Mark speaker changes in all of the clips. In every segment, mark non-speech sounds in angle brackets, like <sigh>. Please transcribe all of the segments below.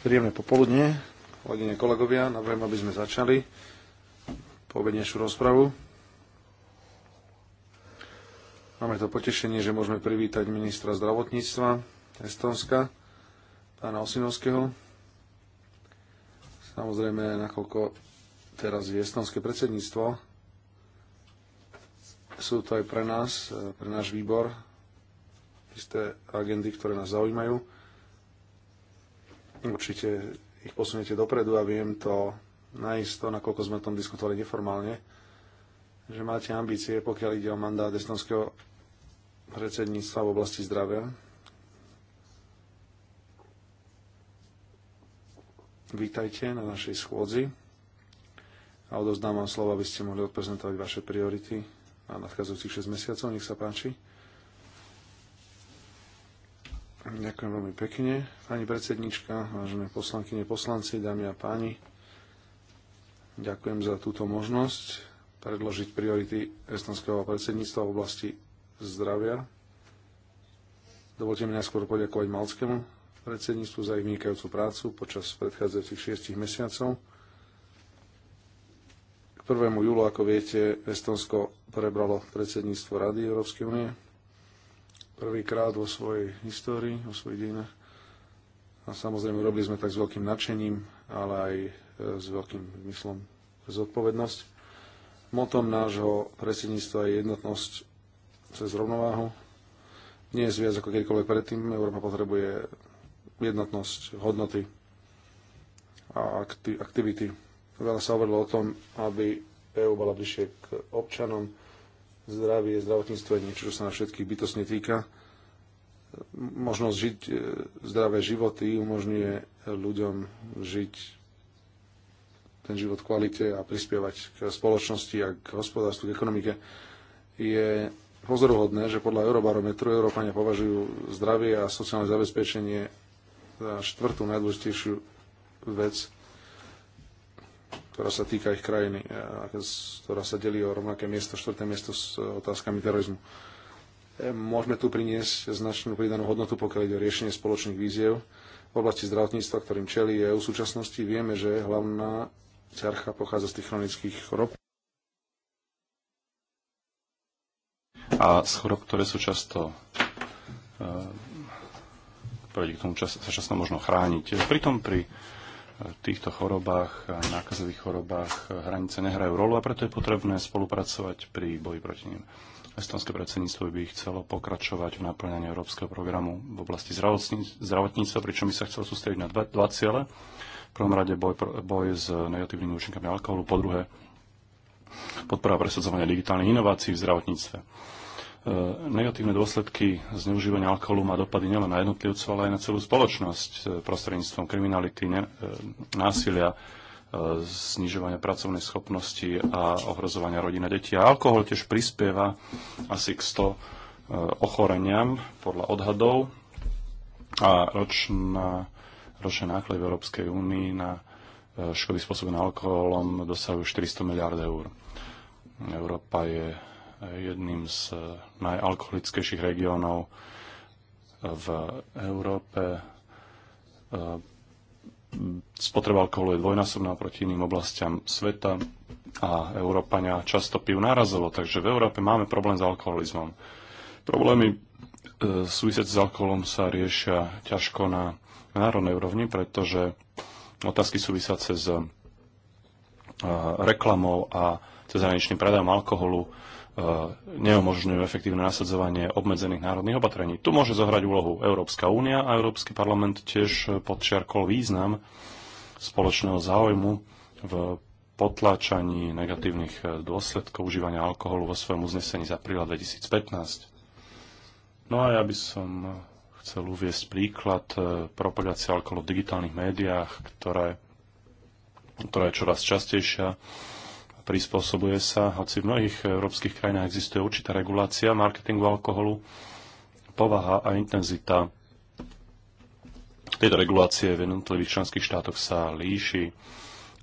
Speaker 1: Príjemné popoludne, kolegyne, kolegovia. Navrhujem, aby sme začali povednejšiu rozpravu. Máme to potešenie, že môžeme privítať ministra zdravotníctva Estonska, pána Osinovského. Samozrejme, nakoľko teraz je estonské predsedníctvo, sú to aj pre nás, pre náš výbor isté agendy, ktoré nás zaujímajú. Určite ich posuniete dopredu a viem to najisto, nakoľko sme o tom diskutovali neformálne, že máte ambície, pokiaľ ide o mandát estonského predsedníctva v oblasti zdravia. Vítajte na našej schôdzi a odozdám vám slovo, aby ste mohli odprezentovať vaše priority na nadchádzajúcich 6 mesiacov. Nech sa páči. Ďakujem veľmi pekne. Pani predsednička, vážené poslankyne, poslanci, dámy a páni, ďakujem za túto možnosť predložiť priority estonského predsedníctva v oblasti zdravia. Dovolte mi najskôr poďakovať malskému predsedníctvu za ich vynikajúcu prácu počas predchádzajúcich šiestich mesiacov. K 1. júlu, ako viete, Estonsko prebralo predsedníctvo Rady Európskej únie prvýkrát vo svojej histórii, vo svojich dejinách. A samozrejme, robili sme tak s veľkým nadšením, ale aj e, s veľkým myslom zodpovednosť. Motom nášho predsedníctva je jednotnosť cez rovnováhu. Nie je viac ako kedykoľvek predtým. Európa potrebuje jednotnosť, hodnoty a aktivity. Veľa sa hovorilo o tom, aby EÚ bola bližšie k občanom, Zdravie, zdravotníctvo je niečo, čo sa na všetkých bytostne týka. Možnosť žiť e, zdravé životy umožňuje ľuďom žiť ten život v kvalite a prispievať k spoločnosti a k hospodárstvu, k ekonomike. Je pozoruhodné, že podľa Eurobarometru Európania považujú zdravie a sociálne zabezpečenie za štvrtú najdôležitejšiu vec ktorá sa týka ich krajiny, ktorá sa delí o rovnaké miesto, štvrté miesto s otázkami terorizmu. E, môžeme tu priniesť značnú pridanú hodnotu, pokiaľ ide o riešenie spoločných víziev. V oblasti zdravotníctva, ktorým čelí EU súčasnosti, vieme, že hlavná ťarcha pochádza z tých chronických chorob.
Speaker 2: A z chorob, ktoré sú často proti e, k tomu čas, sa často možno chrániť. Pritom pri týchto chorobách a nákazových chorobách hranice nehrajú rolu a preto je potrebné spolupracovať pri boji proti nim. Estonské predsedníctvo by chcelo pokračovať v naplňaní európskeho programu v oblasti zdravotníctva, pričom by sa chcelo sústrediť na dva, dva ciele. V prvom rade boj, boj s negatívnymi účinkami alkoholu, po druhé podpora presadzovania digitálnych inovácií v zdravotníctve. E, negatívne dôsledky zneužívania alkoholu má dopady nielen na jednotlivcov, ale aj na celú spoločnosť e, prostredníctvom kriminality, e, násilia, znižovania pracovnej schopnosti a ohrozovania rodina detí. A alkohol tiež prispieva asi k 100 ochoreniam podľa odhadov a ročná, ročné náklady v Európskej únii na škody spôsobené alkoholom dosahujú 400 miliard eur. Európa je jedným z eh, najalkoholickejších regiónov eh, v Európe. Eh, spotreba alkoholu je dvojnásobná proti iným oblastiam sveta a Európania často pijú nárazovo, takže v Európe máme problém s alkoholizmom. Problémy súvisiace s alkoholom sa riešia ťažko na národnej úrovni, pretože otázky súvisiace s reklamou a cezhraničným predajom alkoholu neumožňujú efektívne nasadzovanie obmedzených národných opatrení. Tu môže zohrať úlohu Európska únia a Európsky parlament tiež podčiarkol význam spoločného záujmu v potláčaní negatívnych dôsledkov užívania alkoholu vo svojom uznesení z apríla 2015. No a ja by som chcel uviesť príklad propagácie alkoholu v digitálnych médiách, ktoré, ktorá je čoraz častejšia prispôsobuje sa, hoci v mnohých európskych krajinách existuje určitá regulácia marketingu alkoholu, povaha a intenzita tejto regulácie v jednotlivých členských štátoch sa líši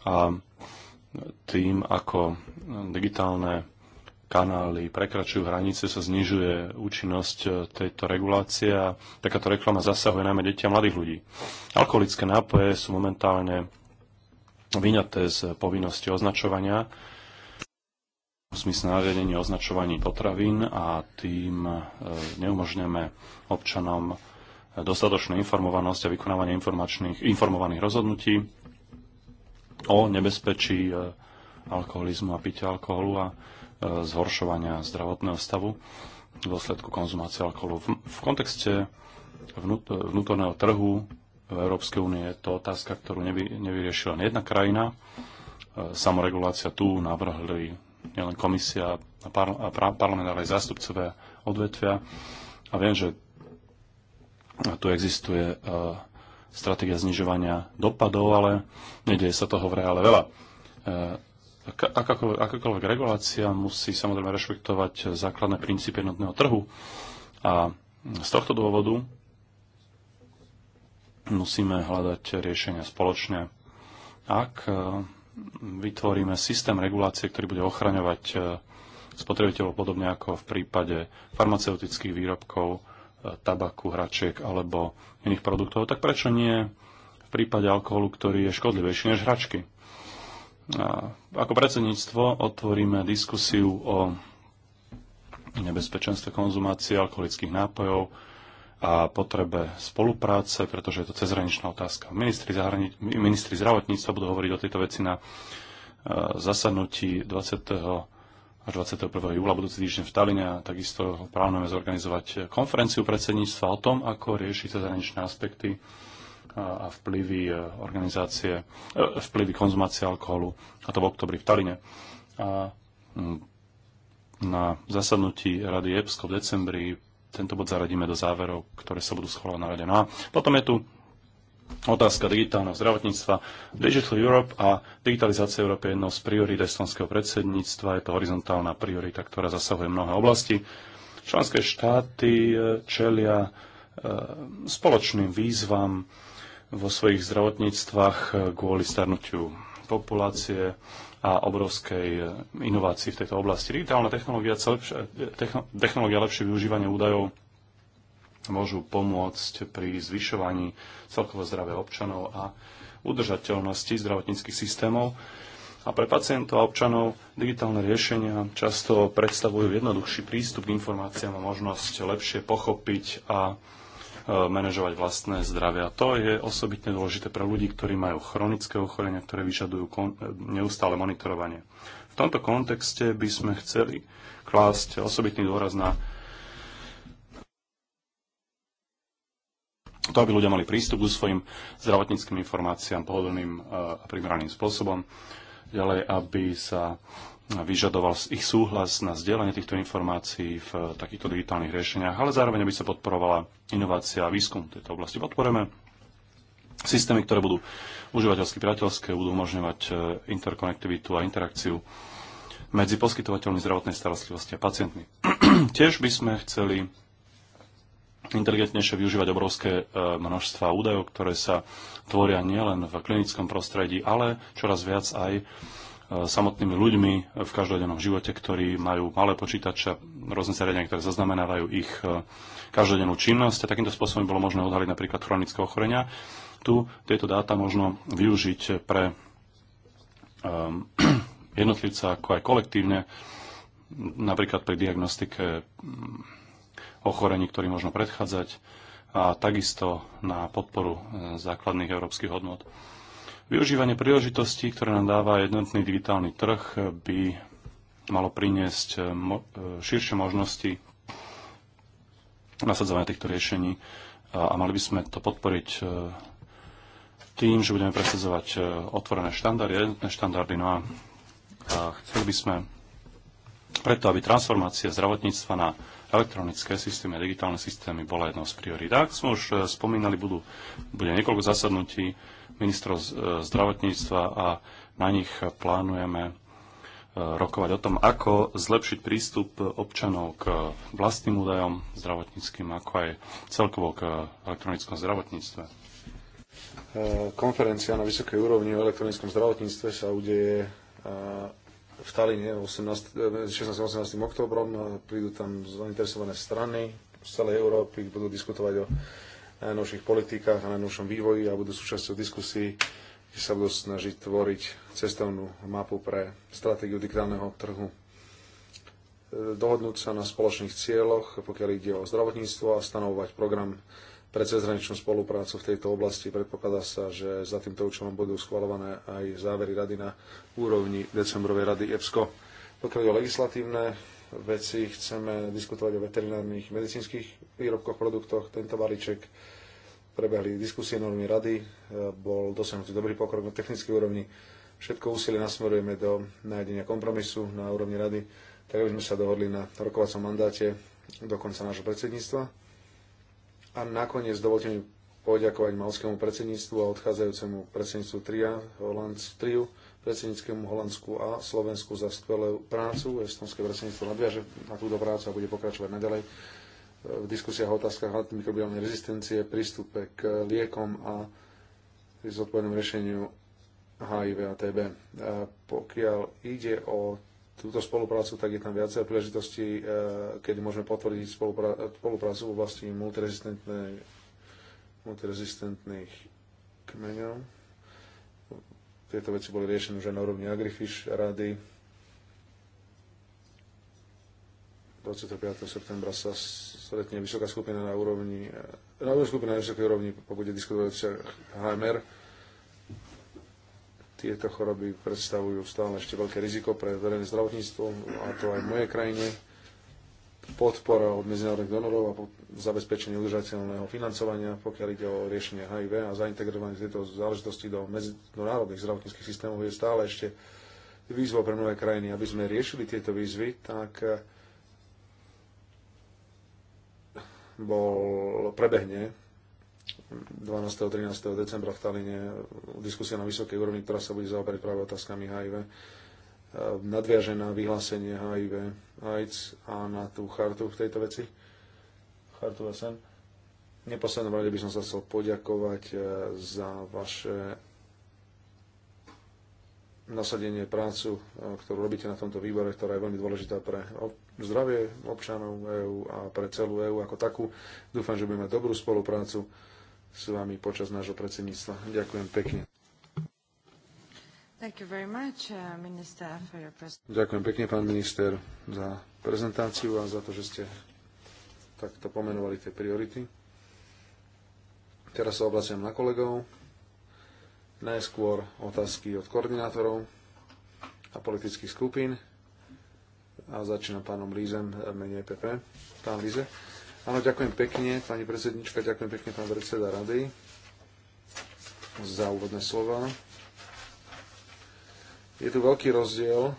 Speaker 2: a tým, ako digitálne kanály prekračujú hranice, sa znižuje účinnosť tejto regulácie a takáto reklama zasahuje najmä deti a mladých ľudí. Alkoholické nápoje sú momentálne vyňaté z povinnosti označovania v smysle nariadenia označovaní potravín a tým e, neumožňujeme občanom e, dostatočnú informovanosť a vykonávanie informačných, informovaných rozhodnutí o nebezpečí e, alkoholizmu a pitia alkoholu a zhoršovania zdravotného stavu v dôsledku konzumácie alkoholu. V, v kontexte vnút, vnútorného trhu v Európskej únie je to otázka, ktorú nevy, nevyriešila jedna krajina. Samoregulácia tu navrhli nielen komisia a, par- a pra- parlament, ale aj zástupcové odvetvia. A viem, že tu existuje e, stratégia znižovania dopadov, ale nedieje sa toho v reále veľa. E, akákoľvek, akákoľvek regulácia musí samozrejme rešpektovať základné princípy jednotného trhu a z tohto dôvodu musíme hľadať riešenia spoločne. Ak e, vytvoríme systém regulácie, ktorý bude ochraňovať e, spotrebiteľov podobne ako v prípade farmaceutických výrobkov, e, tabaku, hračiek alebo iných produktov, tak prečo nie v prípade alkoholu, ktorý je škodlivejší než hračky? A ako predsedníctvo otvoríme diskusiu o nebezpečenstve konzumácie alkoholických nápojov, a potrebe spolupráce, pretože je to cezhraničná otázka. Ministri, zahrani- ministri zdravotníctva budú hovoriť o tejto veci na e, zasadnutí 20 až 21. júla budúci týždeň v Taline a takisto plánujeme zorganizovať konferenciu predsedníctva o tom, ako riešiť cezhraničné aspekty a vplyvy e, organizácie, e, vplyvy konzumácie alkoholu, a to v oktobri v Taline. A na zasadnutí Rady EPSCO v decembri tento bod zaradíme do záverov, ktoré sa budú schválené na rade. No a potom je tu otázka digitálneho zdravotníctva. Digital Europe a digitalizácia Európy je jednou z priorít estonského predsedníctva. Je to horizontálna priorita, ktorá zasahuje mnohé oblasti. Členské štáty eh, čelia eh, spoločným výzvam vo svojich zdravotníctvách eh, kvôli starnutiu populácie, a obrovskej e, inovácii v tejto oblasti. Digitálna technológia, e, technológia lepšie využívanie údajov môžu pomôcť pri zvyšovaní celkovo zdravia občanov a udržateľnosti zdravotníckých systémov. A pre pacientov a občanov digitálne riešenia často predstavujú jednoduchší prístup k informáciám a možnosť lepšie pochopiť a E, manažovať vlastné zdravie. A to je osobitne dôležité pre ľudí, ktorí majú chronické ochorenia, ktoré vyžadujú e, neustále monitorovanie. V tomto kontexte by sme chceli klásť osobitný dôraz na to, aby ľudia mali prístup k svojim zdravotníckým informáciám pohodlným e, a primeraným spôsobom. Ďalej, aby sa vyžadoval ich súhlas na zdieľanie týchto informácií v eh, takýchto digitálnych riešeniach, ale zároveň aby sa podporovala inovácia a výskum v tejto oblasti. Podporujeme systémy, ktoré budú užívateľsky priateľské, budú umožňovať eh, interkonektivitu a interakciu medzi poskytovateľmi zdravotnej starostlivosti a pacientmi. <clears throat> Tiež by sme chceli inteligentnejšie využívať obrovské eh, množstva údajov, ktoré sa tvoria nielen v klinickom prostredí, ale čoraz viac aj samotnými ľuďmi v každodennom živote, ktorí majú malé počítače, rôzne zariadenia, ktoré zaznamenávajú ich e, každodennú činnosť a takýmto spôsobom bolo možné odhaliť napríklad chronické ochorenia. Tu tieto dáta možno využiť pre e, <clears throat> jednotlivca ako aj kolektívne, napríklad pri diagnostike mm, ochorení, ktorým možno predchádzať a takisto na podporu e, základných európskych hodnot. Využívanie príležitostí, ktoré nám dáva jednotný digitálny trh, by malo priniesť eh, eh, širšie možnosti nasadzovania týchto riešení a mali by sme to podporiť eh, tým, že budeme presadzovať otvorené štandardy, jednotné štandardy. No a chceli by sme preto, aby transformácia zdravotníctva na elektronické systémy a digitálne systémy bola jednou z priorít. Ak sme už spomínali, budú, bude niekoľko zasadnutí ministrov e, zdravotníctva a na nich plánujeme e, rokovať o tom, ako zlepšiť prístup občanov k vlastným údajom zdravotníckým, ako aj celkovo k elektronickom zdravotníctve. E,
Speaker 1: konferencia na vysokej úrovni o elektronickom zdravotníctve sa udeje v Taline 18, 16. 18. oktobrom. Prídu tam zainteresované strany z celej Európy, budú diskutovať o najnovších politikách a najnovšom vývoji a budú súčasťou diskusí, kde sa budú snažiť tvoriť cestovnú mapu pre stratégiu digitálneho trhu. E, dohodnúť sa na spoločných cieľoch, pokiaľ ide o zdravotníctvo a stanovovať program pre cezhraničnú spoluprácu v tejto oblasti. Predpokladá sa, že za týmto účelom budú schvalované aj závery rady na úrovni decembrovej rady EPSCO. Pokiaľ ide o legislatívne veci, chceme diskutovať o veterinárnych medicínskych výrobkoch, produktoch. Tento balíček prebehli diskusie normy rady, e, bol dosiahnutý dobrý pokrok na technickej úrovni. Všetko úsilie nasmerujeme do nájdenia kompromisu na úrovni rady, tak aby sme sa dohodli na rokovacom mandáte do konca nášho predsedníctva. A nakoniec dovolte mi poďakovať malskému predsedníctvu a odchádzajúcemu predsedníctvu TRIA, Holands TRIU, predsedníckému Holandsku a Slovensku za skvelú prácu. Estonské predsedníctvo nadviaže na túto prácu a bude pokračovať naďalej eh, v diskusiách o otázkach antimikrobiálnej rezistencie, prístupe k liekom a zodpovednom riešeniu HIV a TB. Eh, pokiaľ ide o túto spoluprácu, tak je tam viacej príležitostí, eh, kedy môžeme potvrdiť spoluprácu v oblasti multirezistentných
Speaker 3: kmeňov
Speaker 1: tieto veci boli riešené už aj na úrovni Agrifish rady. 25. septembra sa stretne vysoká skupina na úrovni, eh, na skupina na vysokej úrovni bude diskutovať HMR. Tieto choroby predstavujú stále ešte veľké riziko pre verejné zdravotníctvo, a to aj v mojej krajine podpora od medzinárodných donorov a zabezpečenie udržateľného financovania, pokiaľ ide o riešenie HIV a zaintegrovanie tejto záležitosti do, medzi, do národných zdravotníckých systémov je stále ešte výzvou pre mnohé krajiny. Aby sme riešili tieto výzvy, tak eh, bol, prebehne 12. 13. decembra v Taline diskusia na vysokej úrovni, ktorá sa bude zaoberať práve otázkami HIV nadviaže na vyhlásenie HIV, AIDS a na tú chartu v tejto veci. Chartu SN. neposlednom rade by som sa chcel poďakovať eh, za vaše nasadenie prácu, eh, ktorú robíte na tomto výbore, ktorá je veľmi dôležitá pre zdravie občanov EÚ a pre celú EÚ ako takú. Dúfam, že budeme dobrú spoluprácu s vami počas nášho predsedníctva. Ďakujem pekne. Uh, ďakujem pekne, pán minister, za prezentáciu a za to, že ste takto pomenovali tie priority. Teraz sa obraciam na kolegov. Najskôr otázky od koordinátorov a politických skupín. A začínam pánom Lízem, menej e PP. Pán Líze. Áno, ďakujem pekne, pani predsednička, ďakujem pekne, pán predseda rady za úvodné slova je tu veľký rozdiel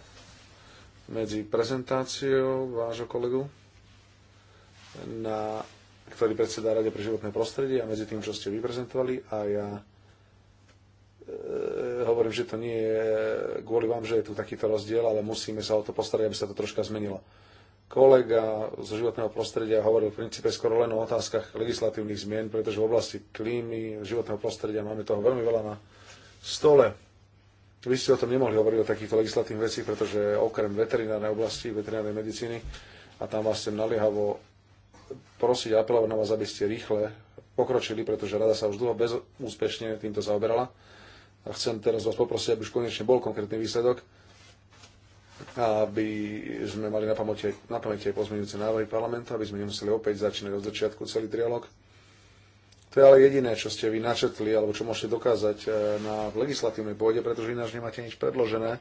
Speaker 1: medzi prezentáciou vášho kolegu, na, ktorý predsedá Rade pre životné prostredie a medzi tým, čo ste vyprezentovali a ja e, hovorím, že to nie je kvôli vám, že je tu takýto rozdiel, ale musíme sa o to postarať, aby sa to troška zmenilo. Kolega zo životného prostredia hovoril v princípe skoro len o otázkach legislatívnych zmien, pretože v oblasti klímy, životného prostredia máme toho veľmi veľa na stole vy ste o tom nemohli hovoriť o takýchto legislatívnych veciach, pretože okrem veterinárnej oblasti, veterinárnej medicíny, a tam vás chcem naliehavo prosiť a apelovať na vás, aby ste rýchle pokročili, pretože rada sa už dlho bezúspešne týmto zaoberala. A chcem teraz vás poprosiť, aby už konečne bol konkrétny výsledok, aby sme mali na pamäti, na pamäti aj pozmeňujúce návrhy parlamentu, aby sme nemuseli opäť začínať od začiatku celý trialog to je ale jediné, čo ste vy načetli, alebo čo môžete dokázať e, na legislatívnej pôde, pretože ináč nemáte nič predložené.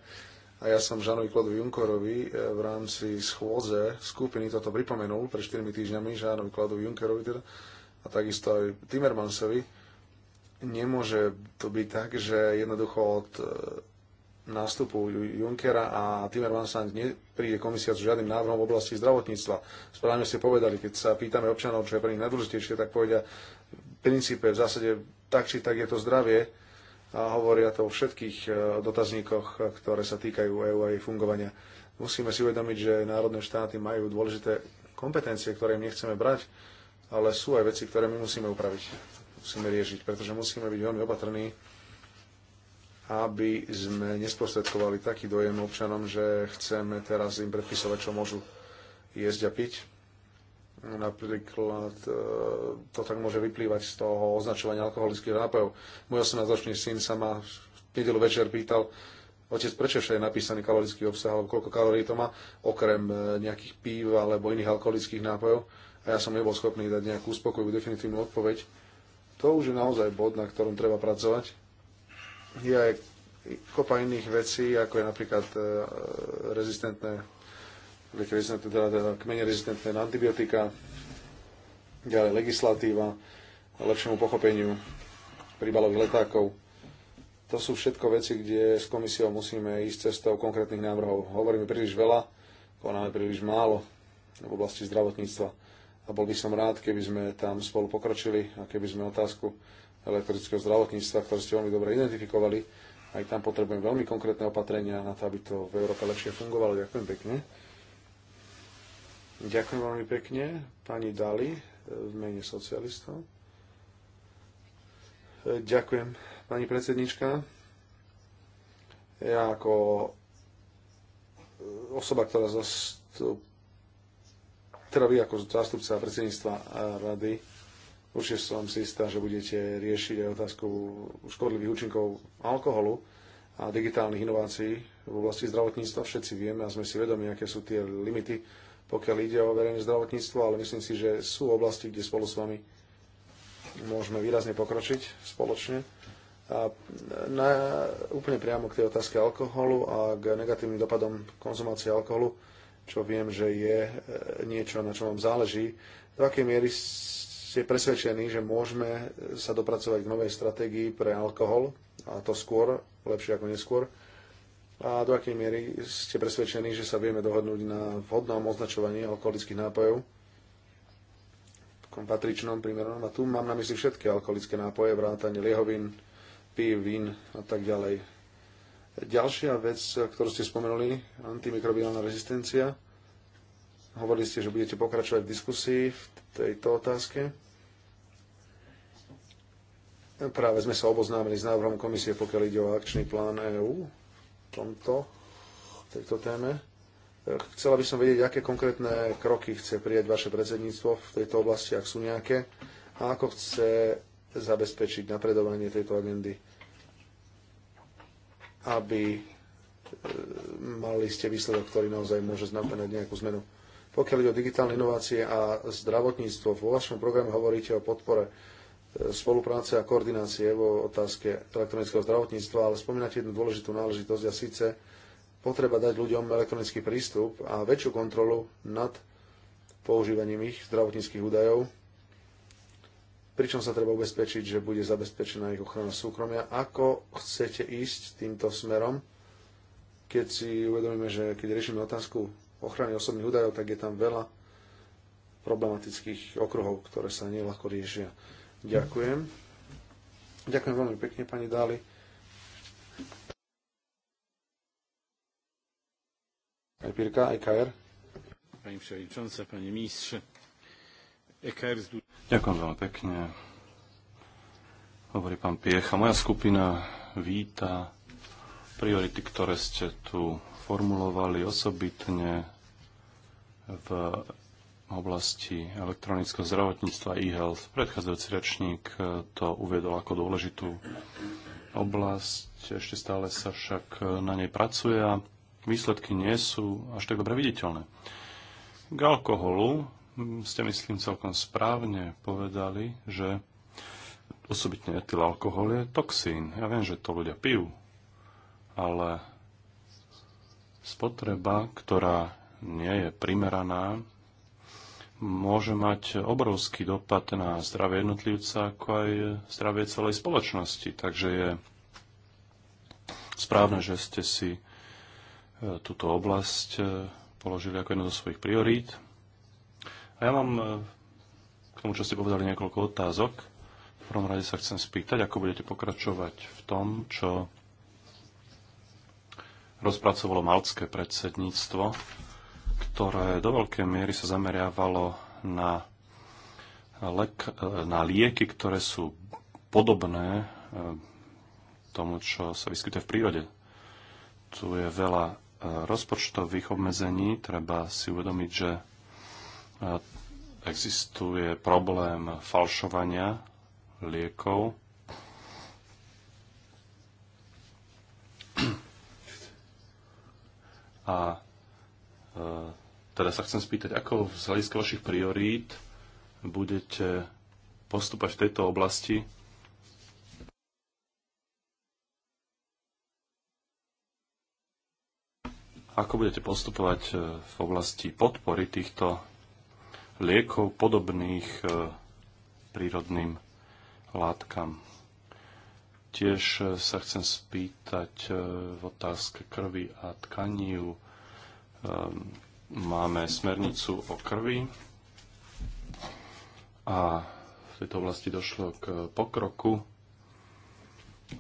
Speaker 1: A ja som Žanovi Klodovi Junkerovi e, v rámci schôdze skupiny toto pripomenul pred 4 týždňami, Žanovi Klodovi Junkerovi teda, a takisto aj Timmermansovi. Nemôže to byť tak, že jednoducho od e, nástupu Junkera a Timmermansa nepríde komisia s žiadnym návrhom v oblasti zdravotníctva. Správne ste povedali, keď sa pýtame občanov, čo je pre nich najdôležitejšie, tak povedia, princípe v zásade tak či tak je to zdravie a hovoria to o všetkých e, dotazníkoch, e, ktoré sa týkajú EÚ a jej fungovania. Musíme si uvedomiť, že národné štáty majú dôležité kompetencie, ktoré im nechceme brať, ale sú aj veci, ktoré my musíme upraviť, musíme riešiť, pretože musíme byť veľmi opatrní, aby sme nesprostredkovali taký dojem občanom, že chceme teraz im predpisovať, čo môžu jesť a piť Napríklad e, to tak môže vyplývať z toho označovania alkoholických nápojov. Môj 18-ročný syn sa ma v nedelu večer pýtal, otec, prečo je napísaný kalorický obsah, koľko kalórií to má, okrem e, nejakých pív alebo iných alkoholických nápojov. A ja som nebol schopný dať nejakú uspokojivú definitívnu odpoveď. To už je naozaj bod, na ktorom treba pracovať. Je aj kopa iných vecí, ako je napríklad e, rezistentné teda, teda kmene rezistentné na antibiotika, ďalej legislatíva, lepšiemu pochopeniu príbalových letákov. To sú všetko veci, kde s komisiou musíme ísť cestou konkrétnych návrhov. Hovoríme príliš veľa, konáme príliš málo v oblasti zdravotníctva. A bol by som rád, keby sme tam spolu pokročili a keby sme otázku elektrického zdravotníctva, ktoré ste veľmi dobre identifikovali, aj tam potrebujeme veľmi konkrétne opatrenia na to, aby to v Európe lepšie fungovalo. Ďakujem pekne. Ďakujem veľmi pekne, pani Dali, e, v mene socialistov. E, ďakujem, pani predsednička. Ja ako e, osoba, ktorá zastup, teda vy ako zástupca predsedníctva rady, určite som si istá, že budete riešiť aj otázku škodlivých účinkov alkoholu a digitálnych inovácií v oblasti zdravotníctva. Všetci vieme a sme si vedomi, aké sú tie limity, pokiaľ ide o verejné zdravotníctvo, ale myslím si, že sú oblasti, kde spolu s vami môžeme výrazne pokročiť spoločne. A na, úplne priamo k tej otázke alkoholu a k negatívnym dopadom konzumácie alkoholu, čo viem, že je e, niečo, na čo vám záleží. Do akej miery ste presvedčení, že môžeme sa dopracovať k novej stratégii pre alkohol, a to skôr, lepšie ako neskôr, a do akej miery ste presvedčení, že sa vieme dohodnúť na vhodnom označovaní alkoholických nápojov, takom patričnom, primeranom. A tu mám na mysli všetky alkoholické nápoje, vrátane liehovín, pív, vín a tak ďalej. Ďalšia vec, ktorú ste spomenuli, antimikrobiálna rezistencia. Hovorili ste, že budete pokračovať v diskusii v tejto otázke. Práve sme sa oboznámili s návrhom komisie, pokiaľ ide o akčný plán EÚ tomto, tejto téme. E, chcela by som vedieť, aké konkrétne kroky chce prijať vaše predsedníctvo v tejto oblasti, ak sú nejaké, a ako chce zabezpečiť napredovanie tejto agendy, aby e, mali ste výsledok, ktorý naozaj môže znamenať nejakú zmenu. Pokiaľ ide o digitálne inovácie a zdravotníctvo, vo vašom programe hovoríte o podpore spolupráce a koordinácie vo otázke elektronického zdravotníctva, ale spomínate jednu dôležitú náležitosť a síce potreba dať ľuďom elektronický prístup a väčšiu kontrolu nad používaním ich zdravotníckých údajov, pričom sa treba ubezpečiť, že bude zabezpečená ich ochrana súkromia. Ako chcete ísť týmto smerom, keď si uvedomíme, že keď riešime otázku ochrany osobných údajov, tak je tam veľa problematických okruhov, ktoré sa nelahko riešia. Ďakujem. Ďakujem veľmi pekne, pani Dáli. Pani
Speaker 2: Pirka, e KR. Pani przewodnicząca, pani ministrze. EKR z... Ďakujem veľmi pekne. Hovorí pán Piecha. Moja skupina víta priority, ktoré ste tu formulovali osobitne v oblasti elektronického zdravotníctva e-health. Predchádzajúci rečník e, to uviedol ako dôležitú oblasť. Ešte stále sa však e, na nej pracuje a výsledky nie sú až tak dobre viditeľné. K alkoholu ste, myslím, celkom správne povedali, že osobitne etylalkohol je toxín. Ja viem, že to ľudia pijú, ale spotreba, ktorá nie je primeraná, môže mať obrovský dopad na zdravie jednotlivca, ako aj zdravie celej spoločnosti. Takže je správne, že ste si e, túto oblasť e, položili ako jednu zo svojich priorít. A ja mám e, k tomu, čo ste povedali, niekoľko otázok. V prvom rade sa chcem spýtať, ako budete pokračovať v tom, čo rozpracovalo malcké predsedníctvo ktoré do veľkej miery sa zameriavalo na, lek, na lieky, ktoré sú podobné e, tomu, čo sa vyskytuje v prírode. Tu je veľa e, rozpočtových obmedzení. Treba si uvedomiť, že e, existuje problém falšovania liekov. A teda sa chcem spýtať, ako z hľadiska vašich priorít budete postúpať v tejto oblasti? Ako budete postupovať e, v oblasti podpory týchto liekov podobných e, prírodným látkam? Tiež e, sa chcem spýtať v otázke krvi a tkaní. Ehm, Máme smernicu o krvi a v tejto oblasti došlo k pokroku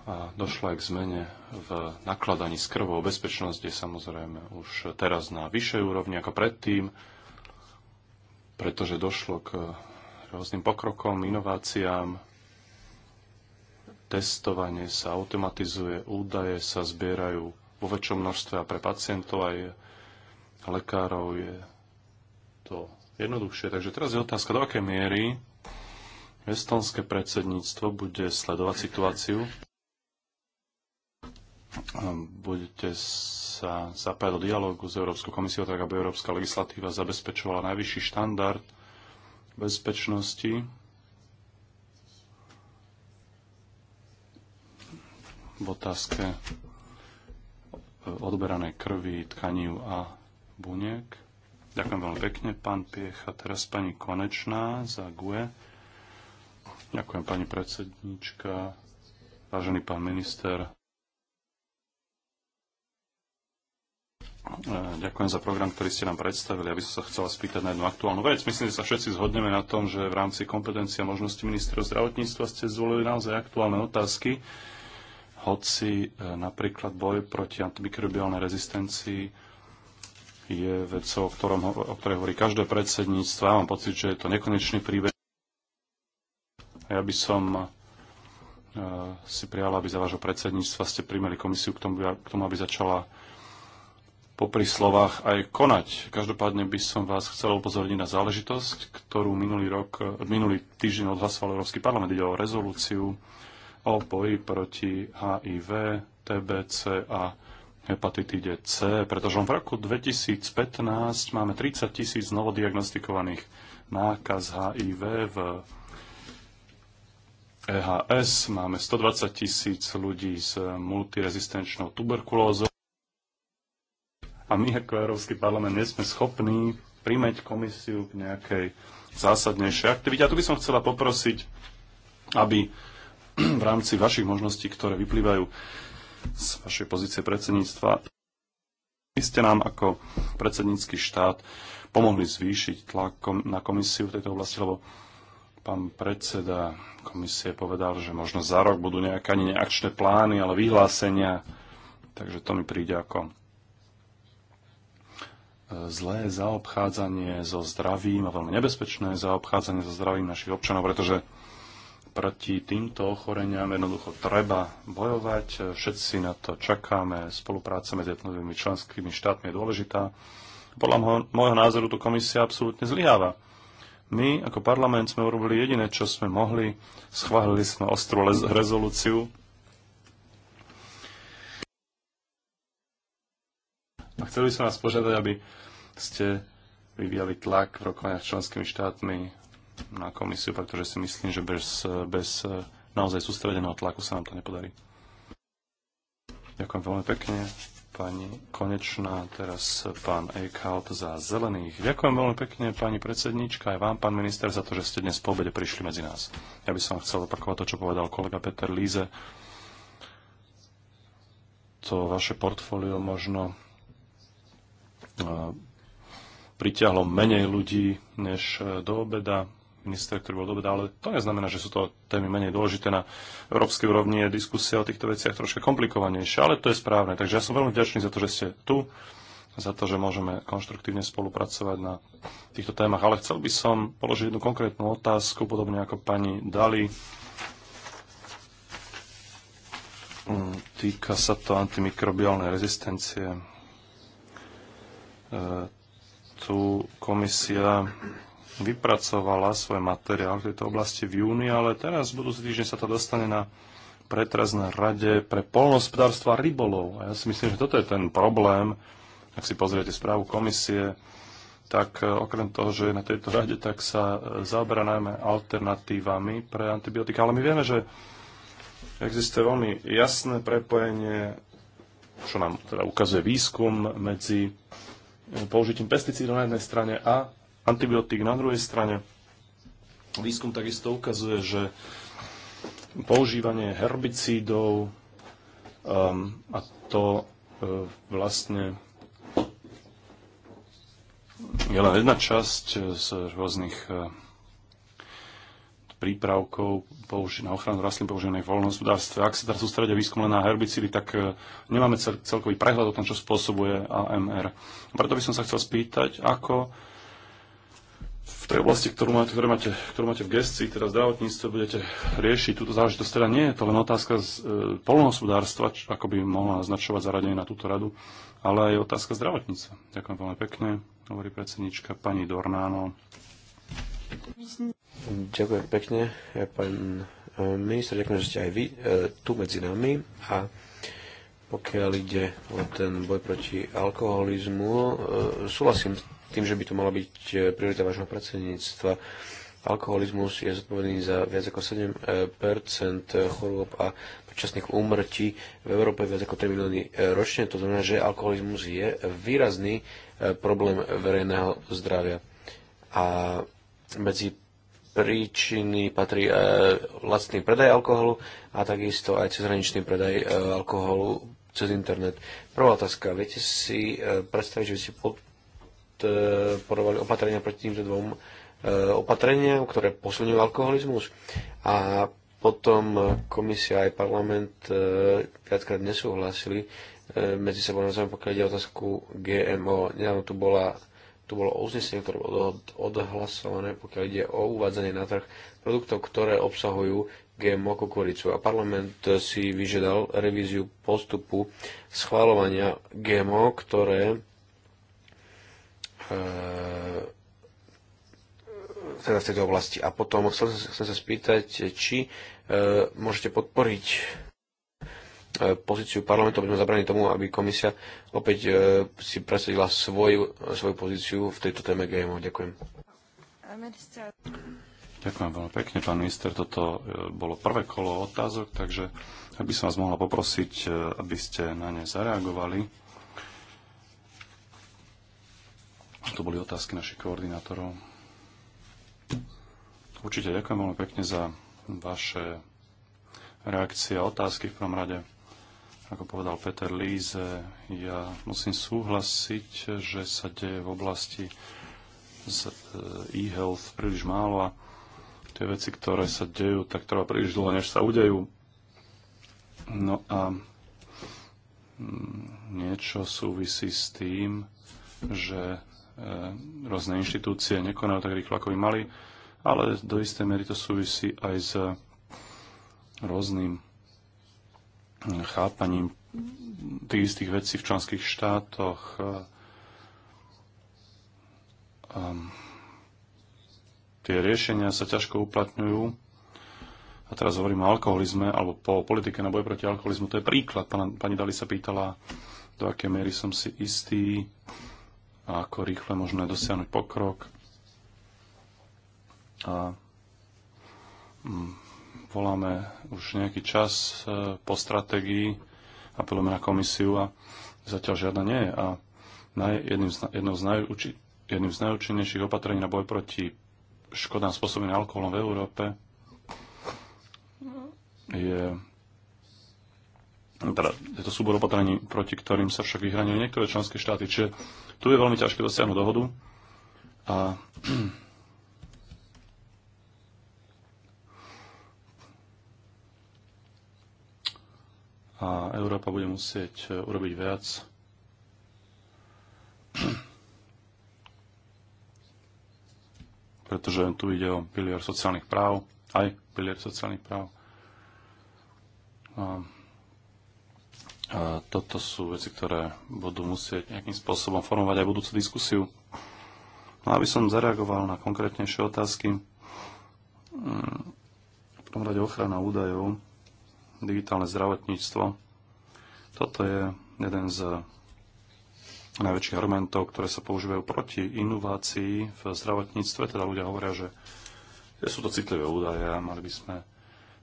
Speaker 2: a došlo aj k zmene v nakladaní s krvou. Bezpečnosť je samozrejme už teraz na vyššej úrovni ako predtým, pretože došlo k rôznym pokrokom, inováciám, testovanie sa automatizuje, údaje sa zbierajú vo väčšom množstve a pre pacientov aj lekárov je to jednoduchšie. Takže teraz je otázka, do akej miery estonské predsedníctvo bude sledovať situáciu. Ehm, budete sa zapájať do dialogu s Európskou komisiou, tak aby európska legislatíva zabezpečovala najvyšší štandard bezpečnosti v otázke eh, odberanej krvi, tkaní a buniek. Ďakujem veľmi pekne, pán Piecha. Teraz pani Konečná za GUE. Ďakujem, pani predsednička, vážený pán minister. E, ďakujem za program, ktorý ste nám predstavili. Ja by som sa chcela spýtať na jednu aktuálnu vec. Myslím, že sa všetci zhodneme na tom, že v rámci kompetencia možnosti ministrov zdravotníctva ste zvolili naozaj aktuálne otázky, hoci e, napríklad boj proti antimikrobiálnej rezistencii je vecou, o, ktorom, o ktorej hovorí každé predsedníctvo. Ja mám pocit, že je to nekonečný príbeh. A ja by som eh, si prijala, aby za vášho predsedníctva ste primeli komisiu k tomu, k tomu aby začala popri slovách aj konať. Každopádne by som vás chcel upozorniť na záležitosť, ktorú minulý, rok, minulý týždeň odhlasoval Európsky parlament. Ide o rezolúciu o boji proti HIV, TBC a hepatitíde C, pretože v roku 2015 máme 30 tisíc novodiagnostikovaných nákaz HIV v EHS, máme 120 tisíc ľudí s multirezistenčnou tuberkulózou a my ako Európsky parlament nie sme schopní primeť komisiu k nejakej zásadnejšej aktivite. A tu by som chcela poprosiť, aby <clears throat> v rámci vašich možností, ktoré vyplývajú z vašej pozície predsedníctva. Vy ste nám ako predsednícky štát pomohli zvýšiť tlak na komisiu v tejto oblasti, lebo pán predseda komisie povedal, že možno za rok budú nejaké ani neakčné plány, ale vyhlásenia. Takže to mi príde ako e, zlé zaobchádzanie so zdravím a veľmi nebezpečné zaobchádzanie so zdravím našich občanov, pretože proti týmto ochoreniam jednoducho treba bojovať. Všetci na to čakáme. Spolupráca medzi jednotlivými členskými štátmi je dôležitá. Podľa môjho názoru tu komisia absolútne zlyháva. My ako parlament sme urobili jediné, čo sme mohli. Schválili sme ostrú rezolúciu. A chceli sme vás požiadať, aby ste vyvíjali tlak v rokovaniach s členskými štátmi na komisiu, pretože si myslím, že bez, bez e, naozaj sústredeného tlaku sa nám to nepodarí. Ďakujem veľmi pekne. Pani Konečná, teraz pán Eichhout za zelených. Ďakujem veľmi pekne, pani predsednička, aj vám, pán minister, za to, že ste dnes po obede prišli medzi nás. Ja by som chcel opakovať to, čo povedal kolega Peter Líze. To vaše portfólio možno e, pritiahlo menej ľudí než e, do obeda minister, ktorý bol dobrý, ale to neznamená, že sú to témy menej dôležité. Na európskej úrovni je diskusia o týchto veciach troška komplikovanejšia, ale to je správne. Takže ja som veľmi vďačný za to, že ste tu, za to, že môžeme konštruktívne spolupracovať na týchto témach. Ale chcel by som položiť jednu konkrétnu otázku, podobne ako pani Dali. Mm, týka sa to antimikrobiálnej rezistencie. E, tu komisia vypracovala svoj materiál v tejto oblasti v júni, ale teraz v budúci týždeň sa to dostane na pretraz na Rade pre polnospodárstvo a rybolov. A ja si myslím, že toto je ten problém, ak si pozriete správu komisie, tak e, okrem toho, že je na tejto rade, tak sa e, zaoberá najmä alternatívami pre antibiotika. Ale my vieme, že existuje veľmi jasné prepojenie, čo nám teda ukazuje výskum medzi e, použitím pesticídov na jednej strane a antibiotík. Na druhej strane výskum takisto ukazuje, že používanie herbicídov um, a to uh, vlastne je len jedna časť uh, z rôznych uh, prípravkov na ochranu rastlín používaných v voľnohospodárstve. Ak sa teraz sústredia výskum len na herbicídy, tak uh, nemáme celkový prehľad o tom, čo spôsobuje AMR. Preto by som sa chcel spýtať, ako v tej oblasti, ktorú máte, ktorú máte, ktorú máte v gestii, teda zdravotníctve, budete riešiť túto záležitosť. Teda nie je to len otázka z, e, polnohospodárstva, ako by mohla naznačovať zaradenie na túto radu, ale aj otázka zdravotníctva. Ďakujem veľmi
Speaker 3: pekne, hovorí predsednička pani Dornáno. Ďakujem pekne, ja, pán e, minister, ďakujem, že ste aj vy e, tu medzi nami a pokiaľ ide o ten boj proti alkoholizmu, e, súhlasím tým, že by to mala byť e, priorita vášho predsedníctva. Alkoholizmus je zodpovedný za viac ako 7 e, e, chorôb a predčasných úmrtí v Európe viac ako 3 milióny ročne. To znamená, že alkoholizmus je výrazný problém verejného zdravia. A medzi príčiny patrí e, lacný predaj alkoholu a takisto aj cezhraničný predaj e, alkoholu cez internet. Prvá otázka. Viete si e, predstaviť, že by ste podporovali e, opatrenia proti týmto dvom e, opatreniam, ktoré posilňujú alkoholizmus. A potom komisia aj parlament e, viackrát nesúhlasili medzi sebou navzájom, pokiaľ ide otázku GMO. Nedávno tu, bola, tu bolo uznesenie, ktoré bolo odhlasované, pokiaľ ide o uvádzanie na trh produktov, ktoré obsahujú GMO kukuricu. A parlament si vyžiadal revíziu postupu schváľovania GMO, ktoré E, teda v tejto oblasti. A potom chcem, chcem sa spýtať, či e, môžete podporiť e, pozíciu parlamentu, aby sme zabrali tomu, aby komisia opäť e, si presadila svoju, svoju pozíciu v tejto téme GMO. Ďakujem. Ďakujem veľmi
Speaker 2: pekne, pán minister. Toto e, bolo prvé kolo otázok, takže aby som vás mohla poprosiť, e, aby ste na ne zareagovali. To boli otázky našich koordinátorov. Určite ďakujem veľmi pekne za vaše reakcie a otázky v prvom rade. Ako povedal Peter Líze, ja musím súhlasiť, že sa deje v oblasti e, e-health príliš málo a tie veci, ktoré sa dejú, tak trvá príliš dlho, než sa udejú. No a mm, niečo súvisí s tým, že E, rôzne inštitúcie nekonajú tak rýchlo, ako by mali, ale do istej miery to súvisí aj s rôznym chápaním tých istých vecí v členských štátoch. E, ehm, tie riešenia sa ťažko uplatňujú. A teraz hovorím o alkoholizme, alebo po politike na boj proti alkoholizmu. To je príklad. Pana, pani Dali sa pýtala, do aké miery som si istý, a ako rýchle možné dosiahnuť pokrok. A mm, voláme už nejaký čas e, po stratégii, apelujeme na komisiu a zatiaľ žiadna nie je. A jedným z, jednou z najúči, jedným z najúčinnejších opatrení na boj proti škodám spôsobeným alkoholom v Európe je teda je to súbor opatrení, proti ktorým sa však vyhraňujú niektoré členské štáty. Čiže tu je veľmi ťažké dosiahnuť dohodu. A a Európa bude musieť e, urobiť viac. Pretože tu ide o pilier sociálnych práv, aj pilier sociálnych práv. A toto sú veci, ktoré budú musieť nejakým spôsobom formovať aj budúcu diskusiu. No aby som zareagoval na konkrétnejšie otázky, mm, v prvom rade ochrana údajov, digitálne zdravotníctvo. Toto je jeden z najväčších argumentov, ktoré sa používajú proti inovácii v zdravotníctve. Teda ľudia hovoria, že sú to citlivé údaje a mali by sme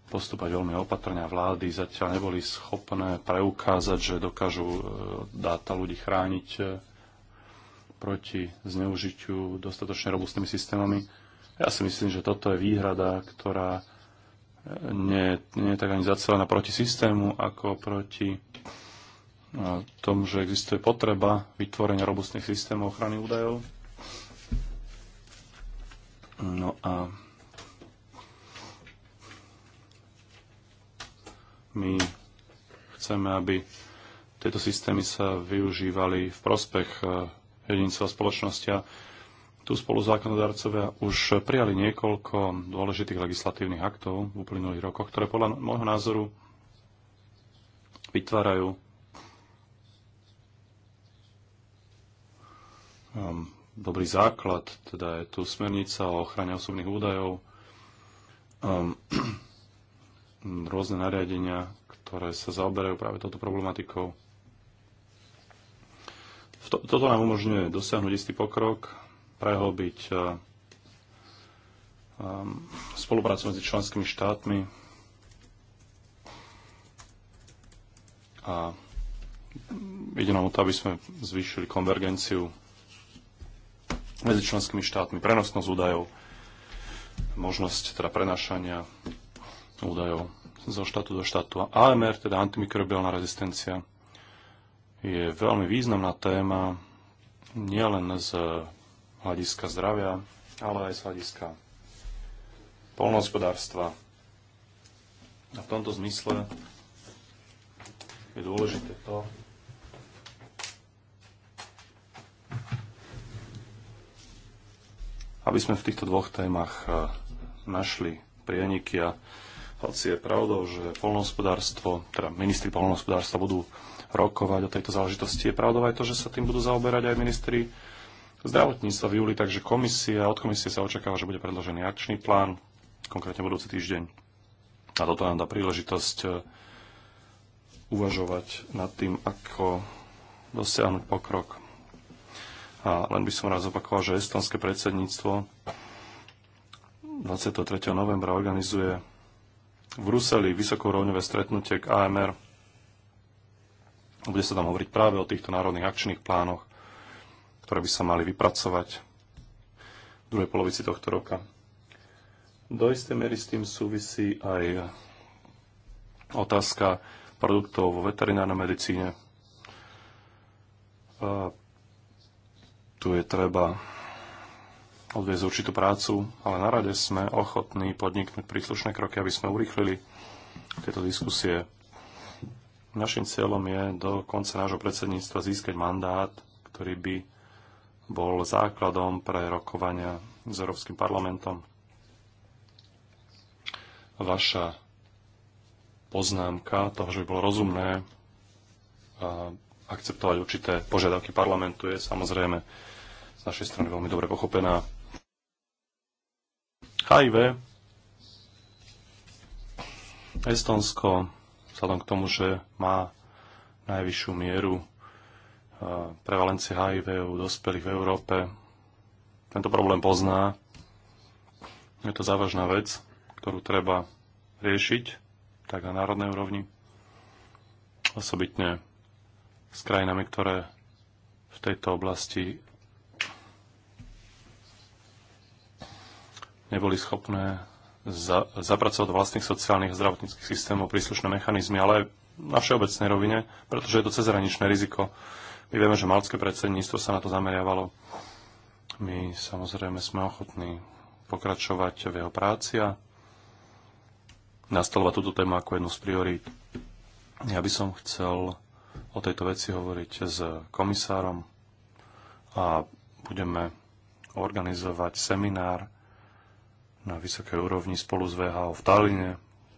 Speaker 2: postupovať veľmi opatrne a vlády zatiaľ neboli schopné preukázať, že dokážu e, dáta ľudí chrániť e, proti zneužitiu dostatočne robustnými systémami. Ja si myslím, že toto je výhrada, ktorá e, nie, nie je tak ani zacelená proti systému, ako proti tomu, že existuje potreba vytvorenia robustných systémov ochrany údajov. No a My chceme, aby tieto systémy sa využívali v prospech eh, a spoločnosti a tu spolu zákonodarcovia už prijali niekoľko dôležitých legislatívnych aktov v uplynulých rokoch, ktoré podľa môjho názoru vytvárajú ehm, dobrý základ, teda je tu smernica o ochrane osobných údajov, um, rôzne nariadenia, ktoré sa zaoberajú práve touto problematikou. Toto nám umožňuje dosiahnuť istý pokrok, prehlbiť eh, ehm, spoluprácu medzi členskými štátmi a ide nám o to, aby sme zvýšili konvergenciu medzi členskými štátmi, prenosnosť údajov, možnosť teda prenašania údajov zo štátu do štátu. AMR, teda antimikrobiálna rezistencia, je veľmi významná téma nielen z hľadiska zdravia, ale aj z hľadiska polnohospodárstva. A v tomto zmysle je dôležité to, aby sme v týchto dvoch témach eh, našli prieniky a hoci je pravdou, že polnohospodárstvo, teda ministri polnohospodárstva budú rokovať o tejto záležitosti, je pravdou aj to, že sa tým budú zaoberať aj ministri zdravotníctva v júli, takže komisia, od komisie sa očakáva, že bude predložený akčný plán, konkrétne budúci týždeň. A toto nám dá príležitosť e, uvažovať nad tým, ako dosiahnuť pokrok. A len by som raz opakoval, že estonské predsedníctvo 23. novembra organizuje v Bruseli vysokorovňové stretnutie k AMR. Bude sa tam hovoriť práve o týchto národných akčných plánoch, ktoré by sa mali vypracovať v druhej polovici tohto roka. Do istej miery s tým súvisí aj otázka produktov vo veterinárnej medicíne. A tu je treba odviezť určitú prácu, ale na rade sme ochotní podniknúť príslušné kroky, aby sme urýchlili tieto diskusie. Našim cieľom je do konca nášho predsedníctva získať mandát, ktorý by bol základom pre rokovania s Európskym parlamentom. Vaša poznámka toho, že by bolo rozumné akceptovať určité požiadavky parlamentu je samozrejme z našej strany veľmi dobre pochopená. HIV. Estonsko, vzhľadom k tomu, že má najvyššiu mieru e, prevalencie HIV u dospelých v Európe, tento problém pozná. Je to závažná vec, ktorú treba riešiť, tak na národnej úrovni, osobitne s krajinami, ktoré v tejto oblasti neboli schopné za, zapracovať do vlastných sociálnych a zdravotníckých systémov príslušné mechanizmy, ale aj na všeobecnej rovine, pretože je to cezhraničné riziko. My vieme, že malské predsedníctvo sa na to zameriavalo. My samozrejme sme ochotní pokračovať v jeho práci a nastolovať túto tému ako jednu z priorít. Ja by som chcel o tejto veci hovoriť s komisárom a budeme organizovať seminár na vysokej úrovni spolu s VHO v Taline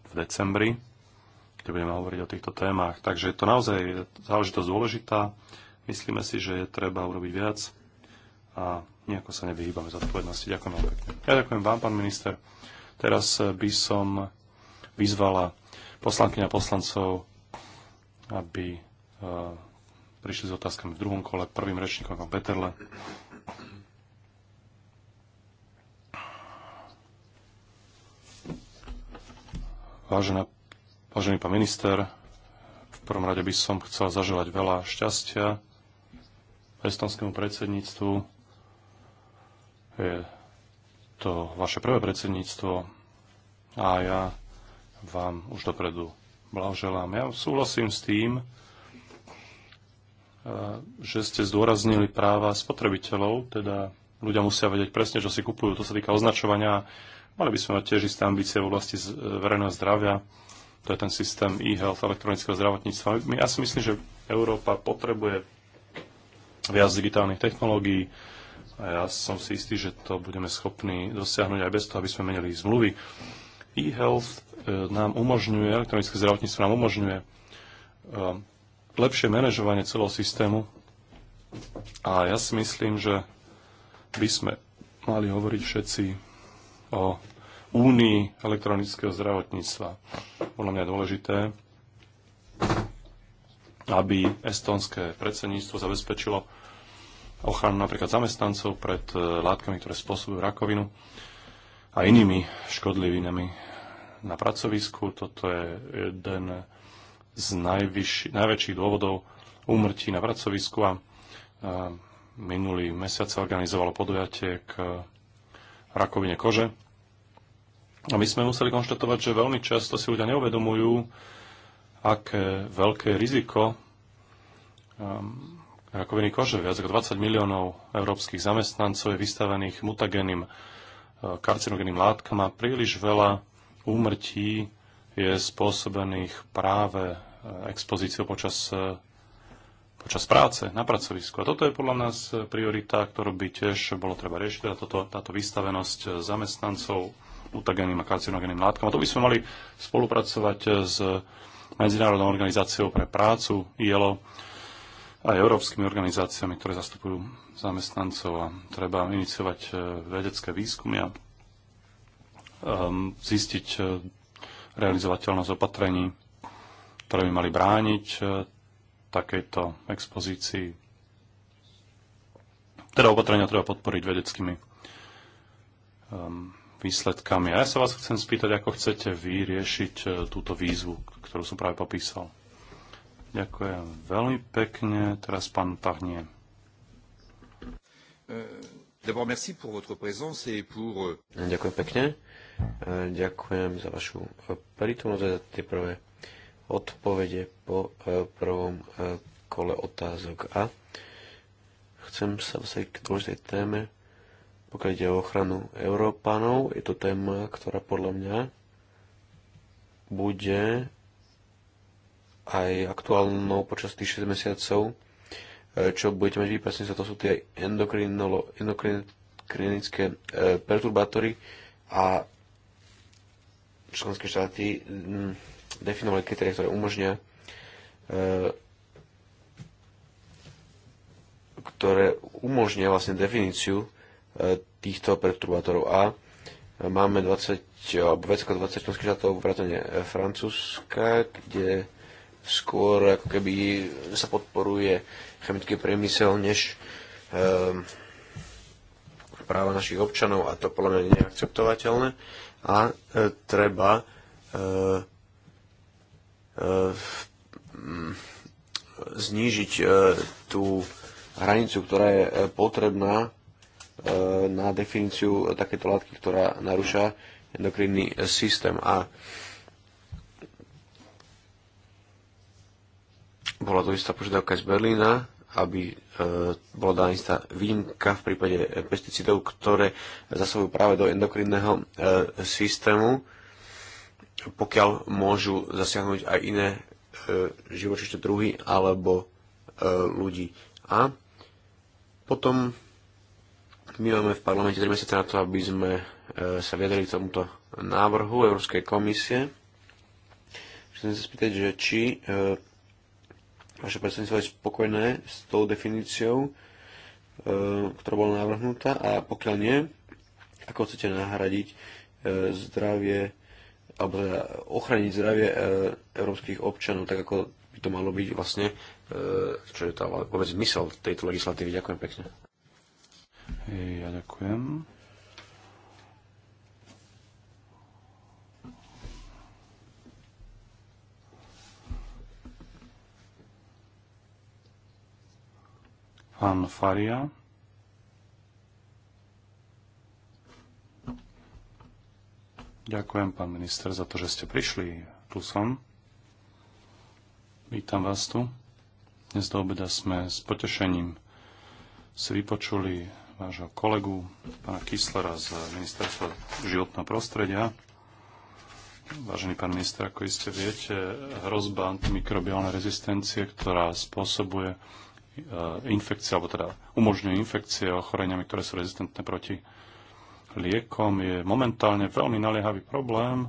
Speaker 2: v decembri, kde budeme hovoriť o týchto témach. Takže je to naozaj záležitosť dôležitá. Myslíme si, že je treba urobiť viac a nejako sa nevyhýbame odpovednosti. Ďakujem vám pekne. Ja ďakujem vám, pán minister. Teraz by som vyzvala poslankyňa poslancov, aby eh, prišli s otázkami v druhom kole. Prvým rečníkom pán Peterle. Vážená, vážený pán minister, v prvom rade by som chcel zaželať veľa šťastia estonskému predsedníctvu. Je to vaše prvé predsedníctvo a ja vám už dopredu blahoželám. Ja súhlasím s tým, eh, že ste zdôraznili práva spotrebiteľov, teda ľudia musia vedieť presne, čo si kupujú. To sa týka označovania Mali by sme mať tiež isté ambície v oblasti verejného zdravia, to je ten systém e-health, elektronického zdravotníctva. My, ja si myslím, že Európa potrebuje viac digitálnych technológií a ja som si istý, že to budeme schopní dosiahnuť aj bez toho, aby sme menili zmluvy. E-health e, nám umožňuje, elektronické zdravotníctvo nám umožňuje e, lepšie manažovanie celého systému a ja si myslím, že by sme mali hovoriť všetci o únii elektronického zdravotníctva. Podľa mňa je dôležité, aby estonské predsedníctvo zabezpečilo ochranu napríklad zamestnancov pred e, látkami, ktoré spôsobujú rakovinu a inými škodlivinami na pracovisku. Toto je jeden z najväčších dôvodov úmrtí na pracovisku a e, minulý mesiac sa organizovalo podujatie k rakovine kože. A my sme museli konštatovať, že veľmi často si ľudia neuvedomujú, aké veľké riziko ehm, rakoviny kože. Viac ako 20 miliónov európskych zamestnancov je vystavených mutageným e, karcinogeným látkam a príliš veľa úmrtí je spôsobených práve e, expozíciou počas e, počas práce na pracovisku. A toto je podľa nás priorita, ktorú by tiež bolo treba riešiť, teda toto, táto vystavenosť zamestnancov utageným a karcinogeným látkom. A to by sme mali spolupracovať s Medzinárodnou organizáciou pre prácu ILO aj európskymi organizáciami, ktoré zastupujú zamestnancov a treba iniciovať e, vedecké výskumy a ehm, zistiť e, realizovateľnosť opatrení, ktoré by mali brániť e, takejto expozícii. Teda opatrenia treba podporiť vedeckými um, výsledkami. A ja sa vás chcem spýtať, ako chcete vy riešiť e, túto výzvu, ktorú som práve popísal. Ďakujem veľmi pekne. Teraz pán Parnie.
Speaker 3: E, e, ďakujem pekne. Ďakujem za vašu prítomnosť a za tie prvé odpovede po e, prvom e, kole otázok. A chcem sa vzrieť k dôležitej téme, pokiaľ ide o ochranu Európanov. Je to téma, ktorá podľa mňa bude aj aktuálnou počas tých 6 mesiacov, e, čo budete mať vypresne sa, to sú tie endokrinické perturbátory a členské štáty definovali kritéria, ktoré umožnia e, ktoré umožnia vlastne definíciu e, týchto perturbátorov. A máme 20, alebo viac ako 20 členských štátov, vrátane e, Francúzska, kde skôr ako keby sa podporuje chemický priemysel, než um, práva našich občanov a to podľa mňa nie je akceptovateľné a e, treba e, znížiť e, tú hranicu, ktorá je e, potrebná e, na definíciu takéto látky, ktorá narúša endokrinný systém. A bola to istá požiadavka z Berlína, aby bola daná istá výnimka v prípade pesticidov, ktoré zasahujú práve do endokrinného systému pokiaľ môžu zasiahnuť aj iné e, živočíšne druhy alebo e, ľudí. A potom my máme v parlamente 3 mesiace na to, aby sme e, sa vyjadrili k tomuto návrhu Európskej komisie. Chcem sa spýtať, že či e, vaše predsedníctvo je spokojné s tou definíciou, e, ktorá bola navrhnutá a pokiaľ nie, ako chcete nahradiť e, zdravie alebo teda ochraniť zdravie e, európskych občanov, tak ako by to malo byť vlastne, e, čo je tá vôbec zmysel tejto legislatívy. Ďakujem pekne.
Speaker 2: ja ďakujem. Pán Faria. Ďakujem, pán minister, za to, že ste prišli. Tu som. Vítam vás tu. Dnes do obeda sme s potešením si vypočuli vášho kolegu, pána Kislera z Ministerstva životného prostredia. Vážený pán minister, ako iste viete, hrozba antimikrobiálnej rezistencie, ktorá spôsobuje e, infekcie, alebo teda umožňuje infekcie a ochoreniami, ktoré sú rezistentné proti liekom je momentálne veľmi naliehavý problém,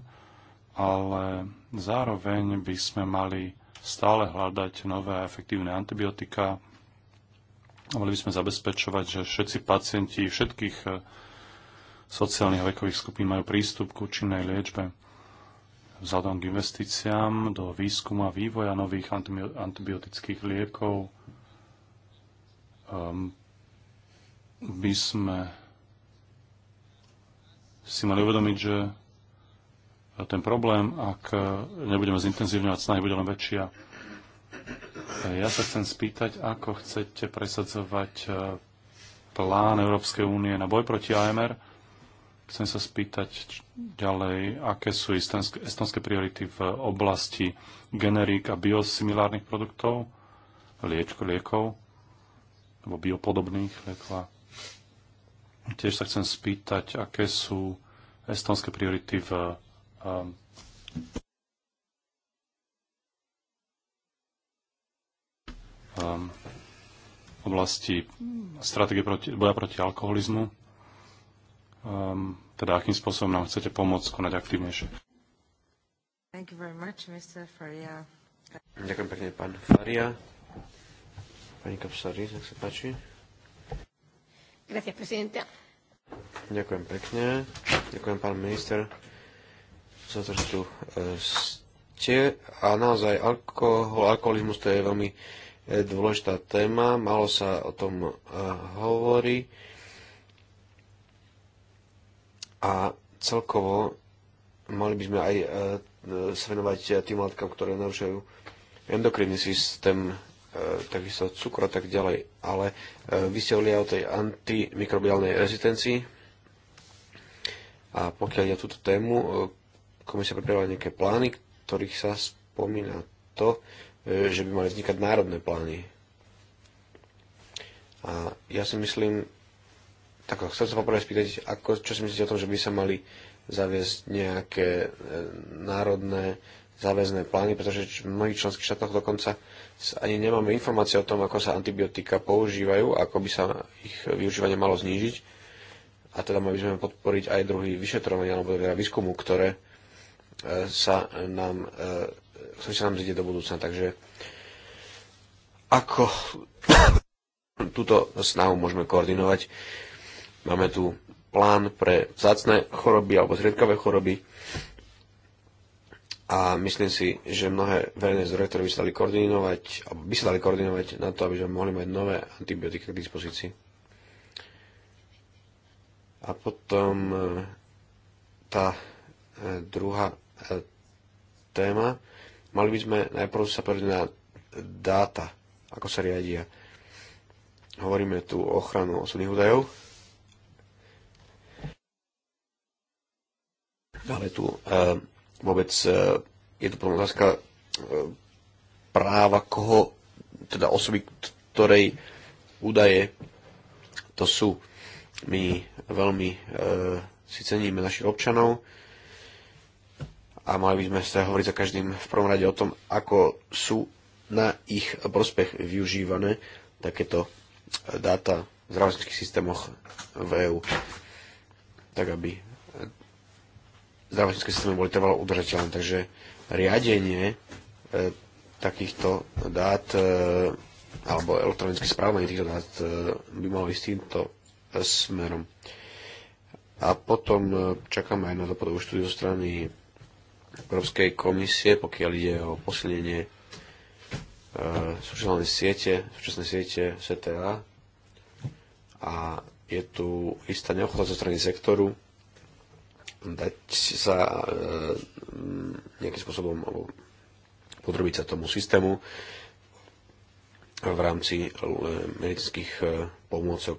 Speaker 2: ale zároveň by sme mali stále hľadať nové a efektívne antibiotika. Mali by sme zabezpečovať, že všetci pacienti všetkých eh, sociálnych a vekových skupín majú prístup k účinnej liečbe vzhľadom k investíciám do výskumu a vývoja nových antibiotických liekov um, by sme si mali uvedomiť, že ten problém, ak nebudeme zintenzívňovať snahy, bude len väčšia. Ja sa chcem spýtať, ako chcete presadzovať e, plán Európskej únie na boj proti AMR. Chcem sa spýtať ďalej, aké sú estonské priority v oblasti generík a biosimilárnych produktov, liečko, liekov, alebo biopodobných liekov Tiež sa chcem spýtať, aké sú estonské priority v um, um, oblasti stratégie proti, boja proti alkoholizmu. Um, teda akým spôsobom nám chcete pomôcť konať aktívnejšie.
Speaker 3: Much, Ďakujem pekne, pán Faria. Pani Kapsari, nech sa páči.
Speaker 1: Gracias,
Speaker 2: presidenta.
Speaker 3: Ďakujem pekne. Ďakujem, pán minister, za to, že tu e, ste. A naozaj, alkohol, alkoholizmus to je veľmi e, dôležitá téma. Málo sa o tom e, hovorí. A celkovo mali by sme aj svenovať tým látkam, ktoré narušajú endokrinný systém E, takisto cukru a tak ďalej. Ale e, vy ste hovorili o tej antimikrobiálnej rezistencii a pokiaľ ide ja túto tému, e, komisia pripravila nejaké plány, ktorých sa spomína to, že by mali vznikať národné plány. A ja si myslím, tak chcem sa poprvé spýtať, ako, čo si myslíte o tom, že by sa mali zaviesť nejaké národné záväzné plány, pretože v mnohých členských štátoch dokonca ani nemáme informácie o tom, ako sa antibiotika používajú, ako by sa ich využívanie malo znížiť. A teda mali by sme podporiť aj druhy vyšetrovania alebo teda výskumu, ktoré e, sa nám, e, ktorý sa nám zide do budúcna. Takže ako <coughs> túto snahu môžeme koordinovať. Máme tu plán pre vzácne choroby alebo zriedkavé choroby a myslím si, že mnohé verejné zdroje, ktoré by sa dali koordinovať, alebo by sa dali koordinovať na to, aby sme mohli mať nové antibiotika k dispozícii. A potom eh, tá eh, druhá eh, téma. Mali by sme najprv sa pozrieť na dáta, ako sa riadia. Hovoríme tu o ochranu osobných údajov, ale tu vôbec e, je to potom otázka e, práva koho, teda osoby, ktorej údaje to sú. My veľmi e, si ceníme našich občanov a mali by sme sa hovoriť za každým v prvom rade o tom, ako sú na ich prospech využívané takéto dáta v zdravotníckých systémoch v EU, tak aby zdravotnícke systémy boli trvalo udržateľné. Takže riadenie e, takýchto dát e, alebo elektronické správanie týchto dát e, by malo ísť týmto e, smerom. A potom e, čakáme aj na dopadovú štúdiu zo strany Európskej komisie, pokiaľ ide o posilnenie e, súčasnej siete, súčasnej siete CTA. A je tu istá neochota zo strany sektoru dať sa e, nejakým spôsobom alebo podrobiť sa tomu systému v rámci e, medicínskych e, pomôcok.